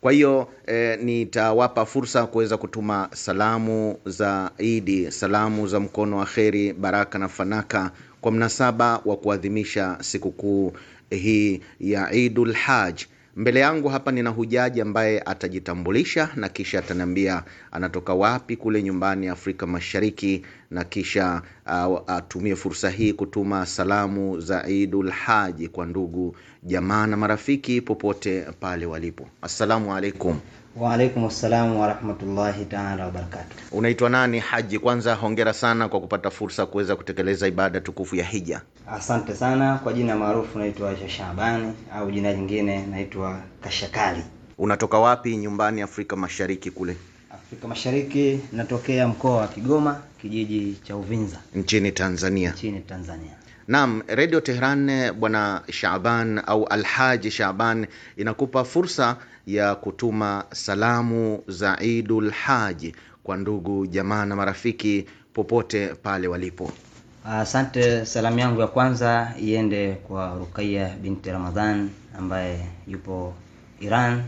[SPEAKER 2] Kwa hiyo eh, nitawapa fursa kuweza kutuma salamu za Idi, salamu za mkono wa kheri, baraka na fanaka kwa mnasaba wa kuadhimisha sikukuu Eh, hii ya Idul Hajj. Mbele yangu hapa nina hujaji ambaye atajitambulisha na kisha ataniambia anatoka wapi kule nyumbani Afrika Mashariki, na kisha uh, atumie fursa hii kutuma salamu za Idul Haji kwa ndugu jamaa na marafiki popote pale walipo. Assalamu alaikum.
[SPEAKER 6] Wa alaikum salamu wa rahmatullahi ta'ala wa
[SPEAKER 2] Unaitwa nani Haji? Kwanza hongera sana kwa kupata fursa kuweza kutekeleza ibada tukufu ya hija.
[SPEAKER 6] Asante sana. Kwa jina maarufu
[SPEAKER 2] naitwa Shashabani au jina lingine naitwa Kashakali. Unatoka wapi nyumbani Afrika Mashariki kule? Afrika
[SPEAKER 6] Mashariki natokea mkoa wa Kigoma, kijiji cha Uvinza nchini Tanzania. Nchini Tanzania.
[SPEAKER 2] Naam, Radio Tehran Bwana Shaban au Alhaji Shaban inakupa fursa ya kutuma salamu za Idul Haji kwa ndugu jamaa na marafiki popote pale walipo.
[SPEAKER 6] Asante. Salamu yangu ya kwanza iende kwa Rukaya binti Ramadhan ambaye yupo Iran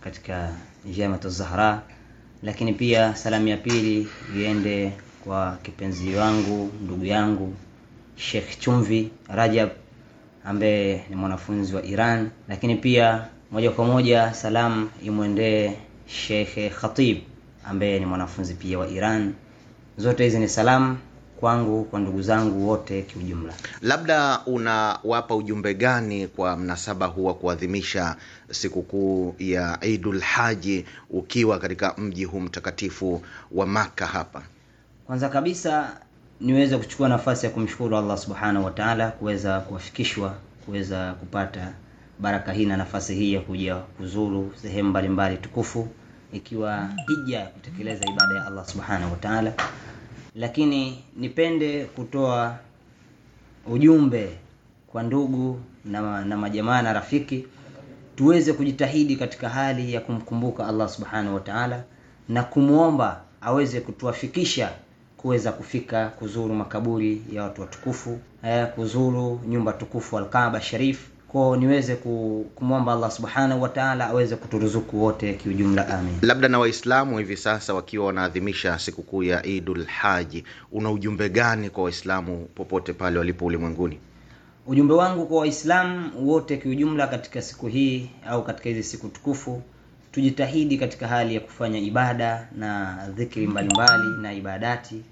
[SPEAKER 6] katika Jamiatu Zahra, lakini pia salamu ya pili iende kwa kipenzi wangu ndugu yangu Sheikh Chumvi Rajab ambaye ni mwanafunzi wa Iran, lakini pia moja kwa moja salamu imwendee Sheikh Khatib ambaye ni
[SPEAKER 2] mwanafunzi pia wa Iran. Zote hizi ni salamu kwangu kwa ndugu zangu wote kiujumla. Labda unawapa ujumbe gani kwa mnasaba huu wa kuadhimisha sikukuu ya Idul Haji ukiwa katika mji huu mtakatifu wa Maka hapa?
[SPEAKER 6] Kwanza kabisa
[SPEAKER 2] niweze kuchukua nafasi ya kumshukuru Allah
[SPEAKER 6] Subhanahu wa Ta'ala kuweza kuwafikishwa kuweza kupata baraka hii na nafasi hii ya kuja kuzuru sehemu mbalimbali tukufu, ikiwa hija ya kutekeleza ibada ya Allah subhanahu wa ta'ala. Lakini nipende kutoa ujumbe kwa ndugu na, na majamaa na rafiki, tuweze kujitahidi katika hali ya kumkumbuka Allah subhanahu wa ta'ala na kumwomba aweze kutuafikisha kuweza kufika kuzuru makaburi ya watu watukufu, eh, kuzuru nyumba tukufu Al-Kaaba Sharif kwao niweze kumwomba Allah subhanahu wa taala aweze kuturuzuku
[SPEAKER 2] wote kiujumla, amin. Labda na Waislamu hivi sasa wakiwa wanaadhimisha sikukuu ya Idul Haji, una ujumbe gani kwa Waislamu popote pale walipo ulimwenguni? Ujumbe wangu kwa Waislamu wote kiujumla, katika siku hii
[SPEAKER 6] au katika hizi siku tukufu, tujitahidi katika hali ya kufanya ibada na dhikri mbalimbali na ibadati,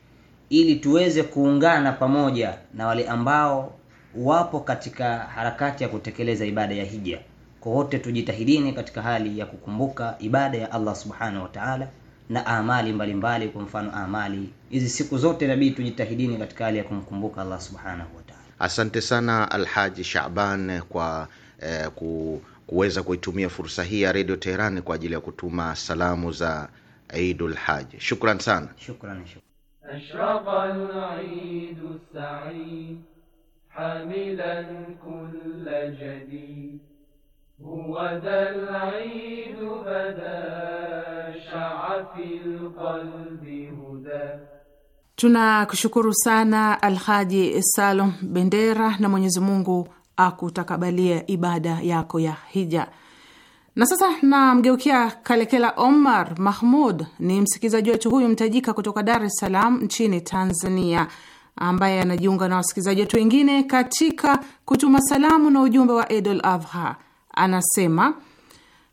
[SPEAKER 6] ili tuweze kuungana pamoja na wale ambao wapo katika harakati ya kutekeleza ibada ya hija kwa wote tujitahidini katika hali ya kukumbuka ibada ya allah subhanahu wa taala na amali mbalimbali kwa mfano amali hizi siku zote nabii tujitahidini katika hali ya kumkumbuka allah subhanahu wa taala
[SPEAKER 2] asante sana alhaji shaban kwa eh, ku, kuweza kuitumia fursa hii ya redio teherani kwa ajili ya kutuma salamu za idul haji shukran sana shukran, shukran.
[SPEAKER 7] حاملا كل جديد هو ذا العيد بدا شع في القلب هدى
[SPEAKER 4] Tunakushukuru sana Alhaji Salum Bendera, na Mwenyezi Mungu akutakabalie ibada yako ya hija. Na sasa namgeukia Kalekela Omar Mahmud, ni msikilizaji wetu huyu mtajika kutoka Dar es Salaam nchini Tanzania ambaye anajiunga na wasikilizaji wetu wengine katika kutuma salamu na ujumbe wa Edol Avha anasema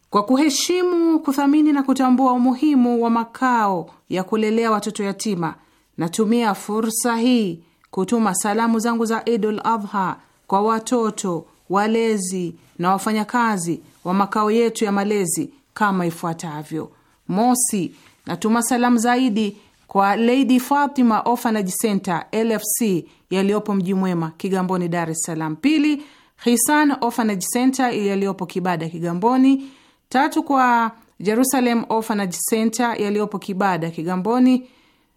[SPEAKER 4] kwa kuheshimu, kuthamini na kutambua umuhimu wa makao ya kulelea watoto yatima, natumia fursa hii kutuma salamu zangu za Edol Adha kwa watoto walezi na wafanyakazi wa makao yetu ya malezi kama ifuatavyo. Mosi, natuma salamu zaidi kwa Lady Fatima Orphanage Center LFC yaliyopo Mji Mwema, Kigamboni, Dar es Salaam; pili, Hisan Orphanage Center yaliyopo Kibada, Kigamboni; tatu, kwa Jerusalem Orphanage Center yaliyopo Kibada, Kigamboni;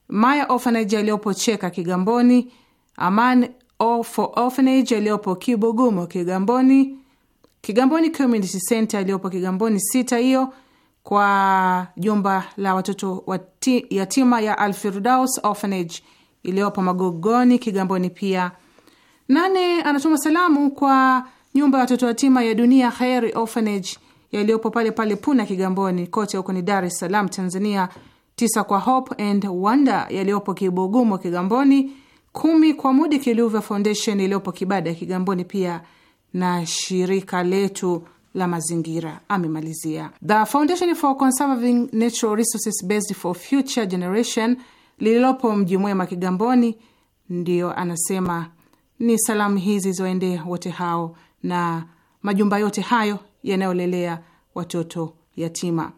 [SPEAKER 4] Maya Orphanage yaliyopo Cheka, Kigamboni; Aman for Orphanage yaliyopo Kibugumo, Kigamboni; Kigamboni Community Center yaliyopo Kigamboni, sita hiyo kwa jumba la watoto wati, yatima ya Alfirdaus Orphanage iliyopo Magogoni, Kigamboni. Pia nane anatuma salamu kwa nyumba ya watoto yatima ya Dunia Kheri Orphanage yaliyopo pale pale Puna, Kigamboni, kote huko ni Dar es Salaam, Tanzania. Tisa kwa Hope and Wonder yaliyopo Kibugumo, Kigamboni. Kumi kwa Mudi Kiluva Foundation iliyopo Kibada, Kigamboni pia na shirika letu la mazingira, amemalizia. The Foundation for Conserving Natural Resources Based for Future Generation lililopo Mji Mwema, Kigamboni, ndiyo anasema ni salamu hizi zilizoendea wote hao na majumba yote hayo yanayolelea watoto yatima.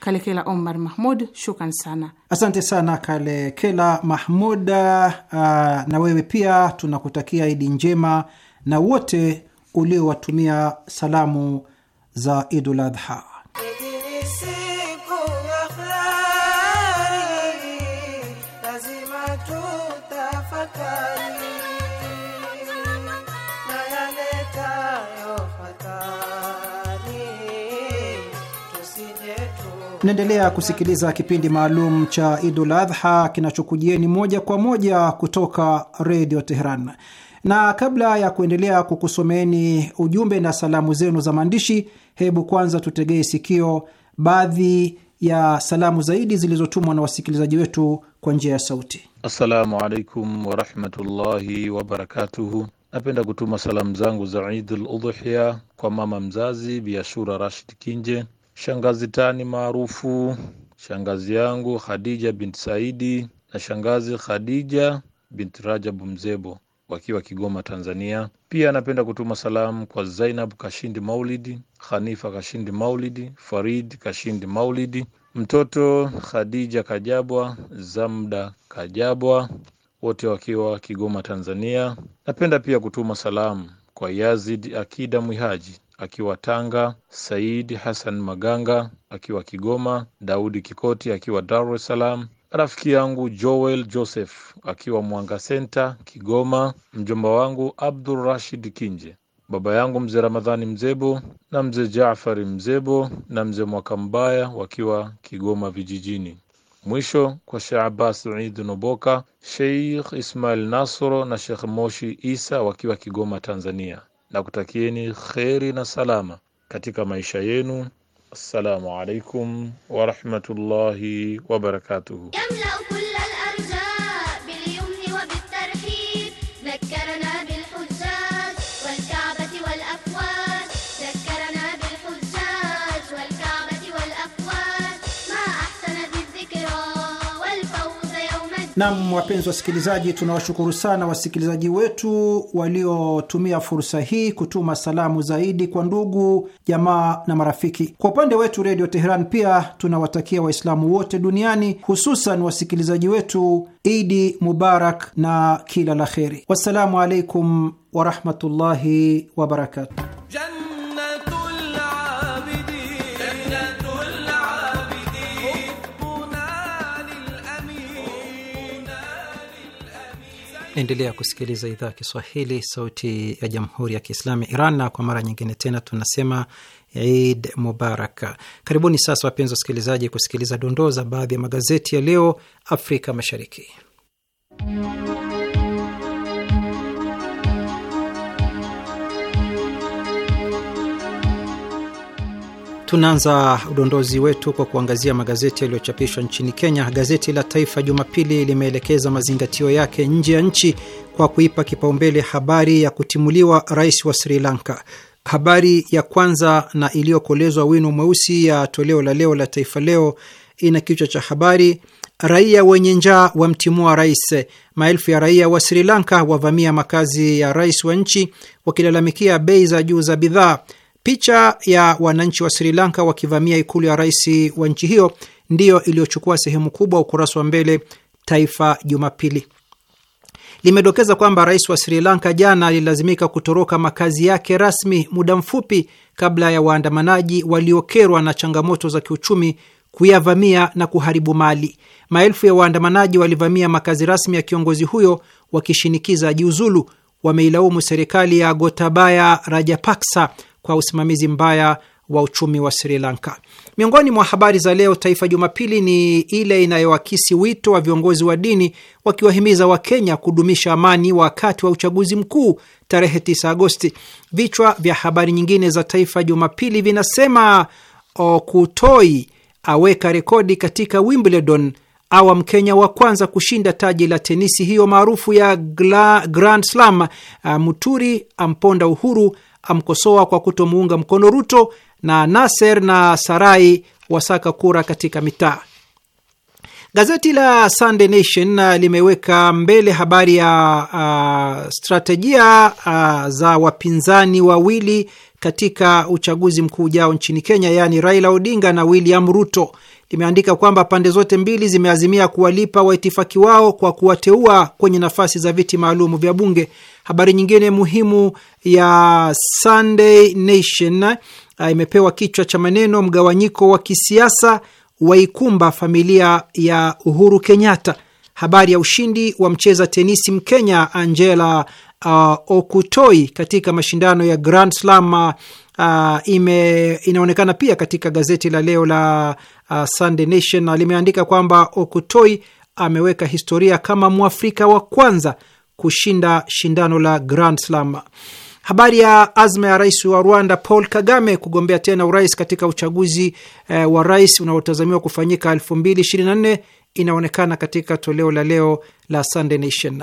[SPEAKER 4] Kalekela Omar Mahmud, shukran sana.
[SPEAKER 1] Asante sana Kalekela Mahmud. Uh, na wewe pia tunakutakia Idi njema na wote uliowatumia salamu za Idul Adha. Naendelea kusikiliza kipindi maalum cha Idul Adha kinachokujieni moja kwa moja kutoka Redio Teheran. Na kabla ya kuendelea kukusomeni ujumbe na salamu zenu za maandishi, hebu kwanza tutegee sikio baadhi ya salamu zaidi zilizotumwa na wasikilizaji wetu kwa njia ya sauti.
[SPEAKER 8] Assalamu alaikum warahmatullahi wabarakatuhu. Napenda kutuma salamu zangu za Idul Udhuhia kwa mama mzazi Biashura Rashid Kinje, shangazi Tani maarufu, shangazi yangu Khadija bint Saidi na shangazi Khadija bint Rajabu Mzebo wakiwa Kigoma, Tanzania. Pia anapenda kutuma salamu kwa Zainab Kashindi Maulidi, Hanifa Kashindi Maulidi, Farid Kashindi Maulidi, mtoto Khadija Kajabwa, Zamda Kajabwa, wote wakiwa Kigoma, Tanzania. Napenda pia kutuma salamu kwa Yazid Akida Mwihaji akiwa Tanga, Said Hassan Maganga akiwa Kigoma, Daudi Kikoti akiwa Dar es Salaam, rafiki yangu Joel Joseph akiwa Mwanga Senta, Kigoma, mjomba wangu Abdul Rashid Kinje, baba yangu mzee Ramadhani Mzebo na mzee jafari Mzebo na mzee mwaka mbaya wakiwa Kigoma vijijini. Mwisho kwa Sheikh Abbas Said Noboka, Sheikh Ismail nasro na Sheikh Moshi Isa wakiwa Kigoma, Tanzania, na kutakieni kheri na salama katika maisha yenu السلام عليكم ورحمة الله وبركاته
[SPEAKER 1] Nam, wapenzi wasikilizaji, tunawashukuru sana wasikilizaji wetu waliotumia fursa hii kutuma salamu zaidi kwa ndugu jamaa na marafiki. Kwa upande wetu Redio Teheran pia tunawatakia Waislamu wote duniani, hususan wasikilizaji wetu, Idi Mubarak na kila la kheri. Wassalamu alaikum warahmatullahi wabarakatuh. Endelea kusikiliza idhaa ya Kiswahili, sauti ya jamhuri ya kiislamu ya Iran, na kwa mara nyingine tena tunasema Eid Mubarak. Karibuni sasa, wapenzi wasikilizaji, kusikiliza dondoo za baadhi ya magazeti ya leo Afrika Mashariki. Tunaanza udondozi wetu kwa kuangazia magazeti yaliyochapishwa nchini Kenya. Gazeti la Taifa Jumapili limeelekeza mazingatio yake nje ya nchi kwa kuipa kipaumbele habari ya kutimuliwa rais wa Sri Lanka. Habari ya kwanza na iliyokolezwa wino mweusi ya toleo la leo la Taifa Leo ina kichwa cha habari, raia wenye njaa wamtimua rais. Maelfu ya raia wa Sri Lanka wavamia makazi ya rais wa nchi wakilalamikia bei za juu za bidhaa. Picha ya wananchi wa Sri Lanka wakivamia ikulu ya rais wa nchi hiyo ndiyo iliyochukua sehemu kubwa ukurasa wa mbele Taifa Jumapili. Limedokeza kwamba rais wa Sri Lanka jana alilazimika kutoroka makazi yake rasmi muda mfupi kabla ya waandamanaji waliokerwa na changamoto za kiuchumi kuyavamia na kuharibu mali. Maelfu ya waandamanaji walivamia makazi rasmi ya kiongozi huyo wakishinikiza jiuzulu. Wameilaumu serikali ya Gotabaya Rajapaksa kwa usimamizi mbaya wa uchumi wa Sri Lanka. Miongoni mwa habari za leo Taifa Jumapili ni ile inayoakisi wito wa viongozi wa dini wakiwahimiza Wakenya kudumisha amani wakati wa uchaguzi mkuu tarehe 9 Agosti. Vichwa vya habari nyingine za Taifa Jumapili vinasema Okutoi aweka rekodi katika Wimbledon, awa Mkenya wa kwanza kushinda taji la tenisi hiyo maarufu ya Grand Slam. Muturi amponda Uhuru amkosoa kwa kutomuunga mkono Ruto na Nasser na Sarai wasaka kura katika mitaa. Gazeti la Sunday Nation uh, limeweka mbele habari ya uh, strategia uh, za wapinzani wawili katika uchaguzi mkuu ujao nchini Kenya, yaani Raila Odinga na William Ruto. Limeandika kwamba pande zote mbili zimeazimia kuwalipa waitifaki wao kwa kuwateua kwenye nafasi za viti maalum vya bunge. Habari nyingine muhimu ya Sunday Nation eh, imepewa kichwa cha maneno mgawanyiko wa kisiasa waikumba familia ya Uhuru Kenyatta. Habari ya ushindi wa mcheza tenisi Mkenya Angela uh, Okutoi katika mashindano ya Grand Slam uh, ime, inaonekana pia katika gazeti la leo la uh, Sunday Nation, na limeandika kwamba Okutoi ameweka historia kama Mwafrika wa kwanza kushinda shindano la Grand Slam. Habari ya azma ya rais wa Rwanda Paul Kagame kugombea tena urais katika uchaguzi eh, wa rais unaotazamiwa kufanyika 2024 inaonekana katika toleo la leo la Sunday Nation.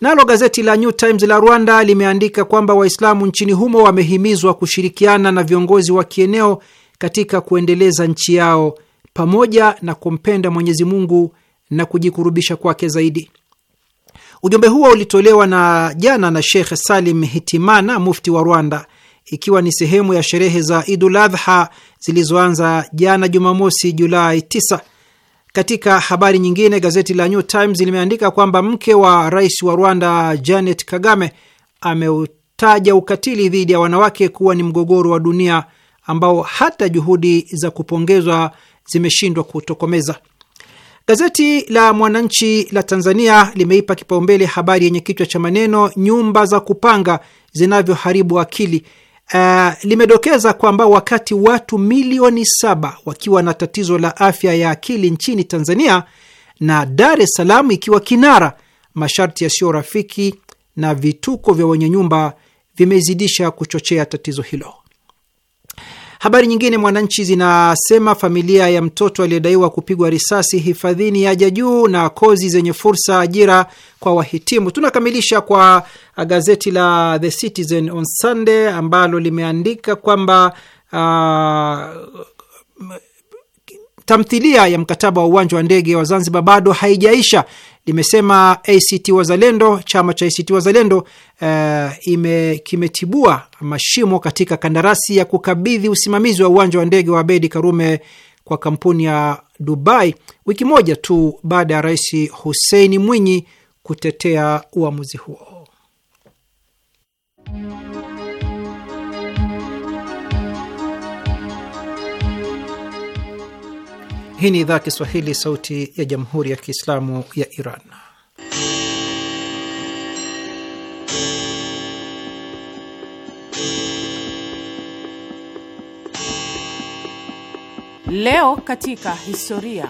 [SPEAKER 1] Nalo gazeti la New Times la Rwanda limeandika kwamba Waislamu nchini humo wamehimizwa kushirikiana na viongozi wa kieneo katika kuendeleza nchi yao pamoja na kumpenda Mwenyezi Mungu na kujikurubisha kwake zaidi. Ujumbe huo ulitolewa na jana na Sheikh Salim Hitimana, mufti wa Rwanda, ikiwa ni sehemu ya sherehe za Idul Adha zilizoanza jana Jumamosi, Julai 9. Katika habari nyingine, gazeti la New Times limeandika kwamba mke wa rais wa Rwanda Janet Kagame ameutaja ukatili dhidi ya wanawake kuwa ni mgogoro wa dunia ambao hata juhudi za kupongezwa zimeshindwa kutokomeza. Gazeti la Mwananchi la Tanzania limeipa kipaumbele habari yenye kichwa cha maneno nyumba za kupanga zinavyoharibu akili. Uh, limedokeza kwamba wakati watu milioni saba wakiwa na tatizo la afya ya akili nchini Tanzania na Dar es Salaam ikiwa kinara, masharti yasiyo rafiki na vituko vya wenye nyumba vimezidisha kuchochea tatizo hilo. Habari nyingine Mwananchi zinasema familia ya mtoto aliyedaiwa kupigwa risasi hifadhini yaja juu na kozi zenye fursa ajira kwa wahitimu. Tunakamilisha kwa gazeti la The Citizen on Sunday ambalo limeandika kwamba uh, Tamthilia ya mkataba wa uwanja wa ndege wa Zanzibar bado haijaisha, limesema ACT Wazalendo. Chama cha ACT Wazalendo uh, ime, kimetibua mashimo katika kandarasi ya kukabidhi usimamizi wa uwanja wa ndege wa Abedi Karume kwa kampuni ya Dubai, wiki moja tu baada ya Rais Hussein Mwinyi kutetea uamuzi huo. Hii ni idhaa Kiswahili, sauti ya jamhuri ya kiislamu ya Iran.
[SPEAKER 4] Leo katika historia.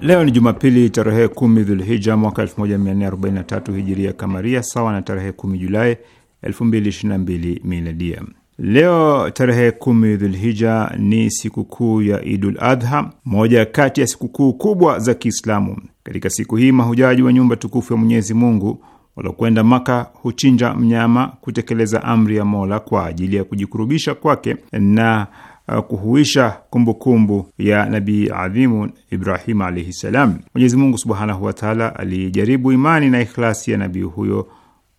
[SPEAKER 9] Leo ni Jumapili, tarehe kumi Dhulhija mwaka 1443 hijiria kamaria, sawa na tarehe 10 Julai 2022 miladia. Leo tarehe kumi Dhulhija ni sikukuu ya Idul Adha, moja kati ya sikukuu kubwa za Kiislamu. Katika siku hii mahujaji wa nyumba tukufu ya Mwenyezi Mungu waliokwenda Maka huchinja mnyama kutekeleza amri ya Mola kwa ajili ya kujikurubisha kwake na uh, kuhuisha kumbukumbu kumbu ya Nabii adhimu ibrahimu alaihi salam. Mwenyezi Mungu subhanahu wataala alijaribu imani na ikhlasi ya nabii huyo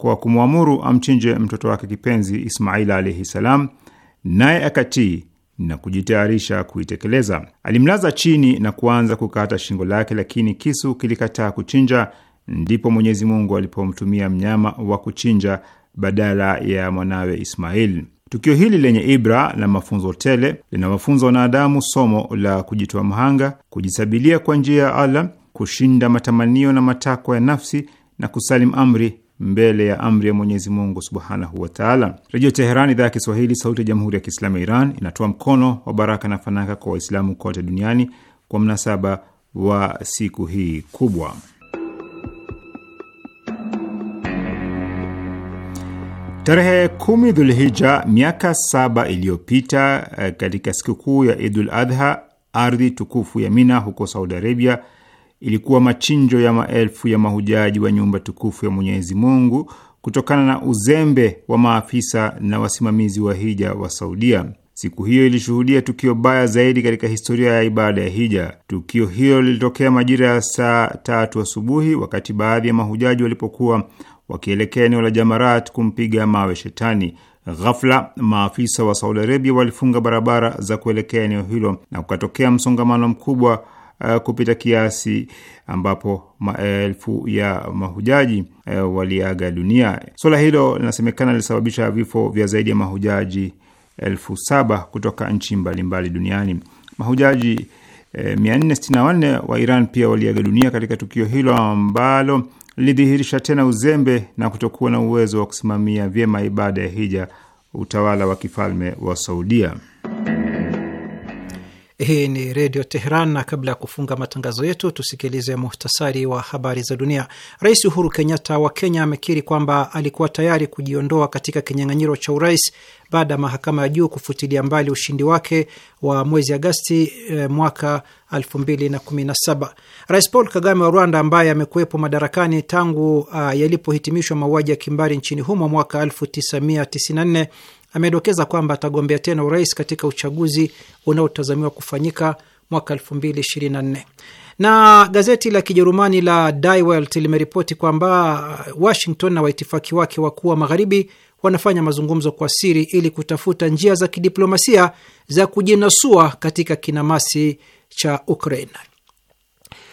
[SPEAKER 9] kwa kumwamuru amchinje mtoto wake kipenzi Ismail alaihi salam, naye akatii na kujitayarisha kuitekeleza. Alimlaza chini na kuanza kukata shingo lake, lakini kisu kilikataa kuchinja. Ndipo Mwenyezi Mungu alipomtumia mnyama wa kuchinja badala ya mwanawe Ismail. Tukio hili lenye ibra na mafunzo tele linawafunza wanadamu somo la kujitoa mhanga, kujisabilia kwa njia ya Allah, kushinda matamanio na matakwa ya nafsi na kusalim amri mbele ya amri ya Mwenyezi Mungu subhanahu wa taala Redio Teheran, idhaa ya Kiswahili, sauti ya jamhuri ya kiislamu ya Iran, inatoa mkono wa baraka na fanaka kwa Waislamu kote duniani kwa mnasaba wa siku hii kubwa. Tarehe kumi Dhulhija, miaka saba iliyopita, eh, katika sikukuu ya Idul Adha, ardhi tukufu ya Mina huko Saudi Arabia ilikuwa machinjo ya maelfu ya mahujaji wa nyumba tukufu ya Mwenyezi Mungu kutokana na uzembe wa maafisa na wasimamizi wa hija wa Saudia. Siku hiyo ilishuhudia tukio baya zaidi katika historia ya ibada ya hija. Tukio hilo lilitokea majira ya saa tatu asubuhi wa wakati baadhi ya mahujaji walipokuwa wakielekea eneo la Jamarat kumpiga mawe shetani. Ghafla maafisa wa Saudi Arabia walifunga barabara za kuelekea eneo hilo na kukatokea msongamano mkubwa uh, kupita kiasi ambapo maelfu ya mahujaji uh, waliaga dunia. Suala hilo linasemekana lilisababisha vifo vya zaidi ya mahujaji elfu saba kutoka nchi mbalimbali duniani. Mahujaji eh, uh, 464 wa Iran pia waliaga dunia katika tukio hilo ambalo lilidhihirisha tena uzembe na kutokuwa na uwezo wa kusimamia vyema ibada ya hija utawala wa kifalme wa Saudia.
[SPEAKER 1] Hii ni Redio Teheran, na kabla ya kufunga matangazo yetu tusikilize muhtasari wa habari za dunia. Rais Uhuru Kenyatta wa Kenya amekiri kwamba alikuwa tayari kujiondoa katika kinyang'anyiro cha urais baada ya mahakama ya juu kufutilia mbali ushindi wake wa mwezi Agasti e, eh, mwaka 2017. Rais Paul Kagame wa Rwanda, ambaye amekuwepo madarakani tangu ah, yalipohitimishwa mauaji ya kimbari nchini humo mwaka 1994, amedokeza kwamba atagombea tena urais katika uchaguzi unaotazamiwa kufanyika mwaka 2024. Na gazeti la Kijerumani la Die Welt limeripoti kwamba ah, Washington na waitifaki wake wakuu wa magharibi wanafanya mazungumzo kwa siri ili kutafuta njia za kidiplomasia za kujinasua katika kinamasi cha Ukraine.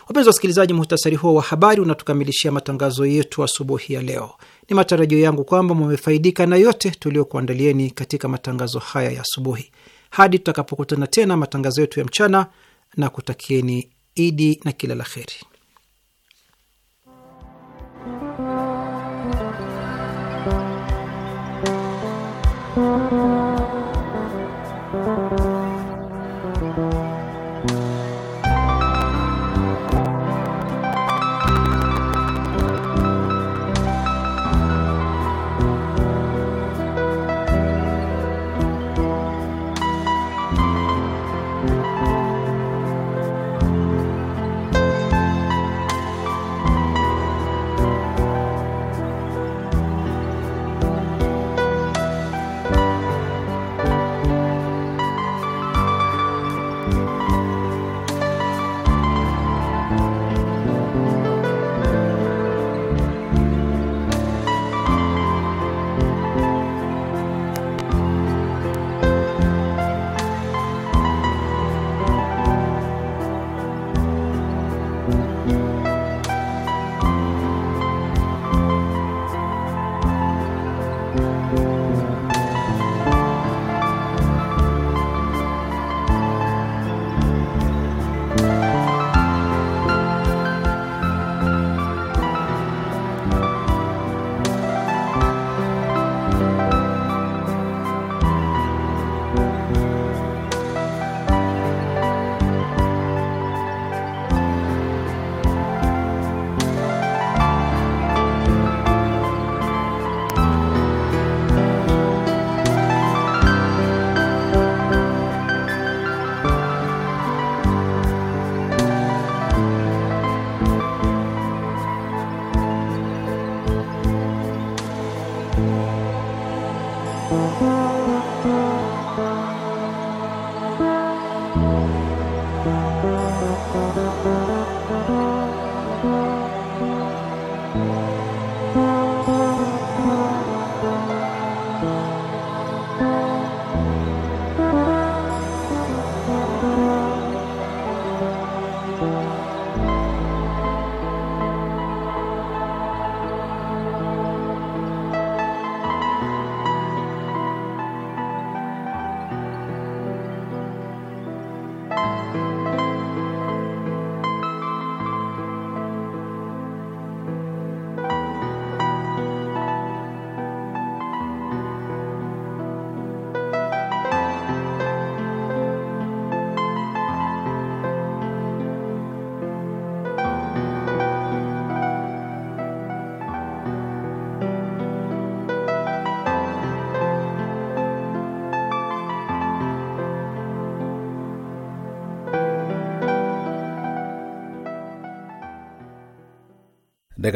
[SPEAKER 1] Wapenzi wasikilizaji, muhtasari huo wa habari unatukamilishia matangazo yetu asubuhi ya leo. Ni matarajio yangu kwamba mumefaidika na yote tuliokuandalieni katika matangazo haya ya asubuhi. Hadi tutakapokutana tena matangazo yetu ya mchana, na kutakieni Idi na kila la heri.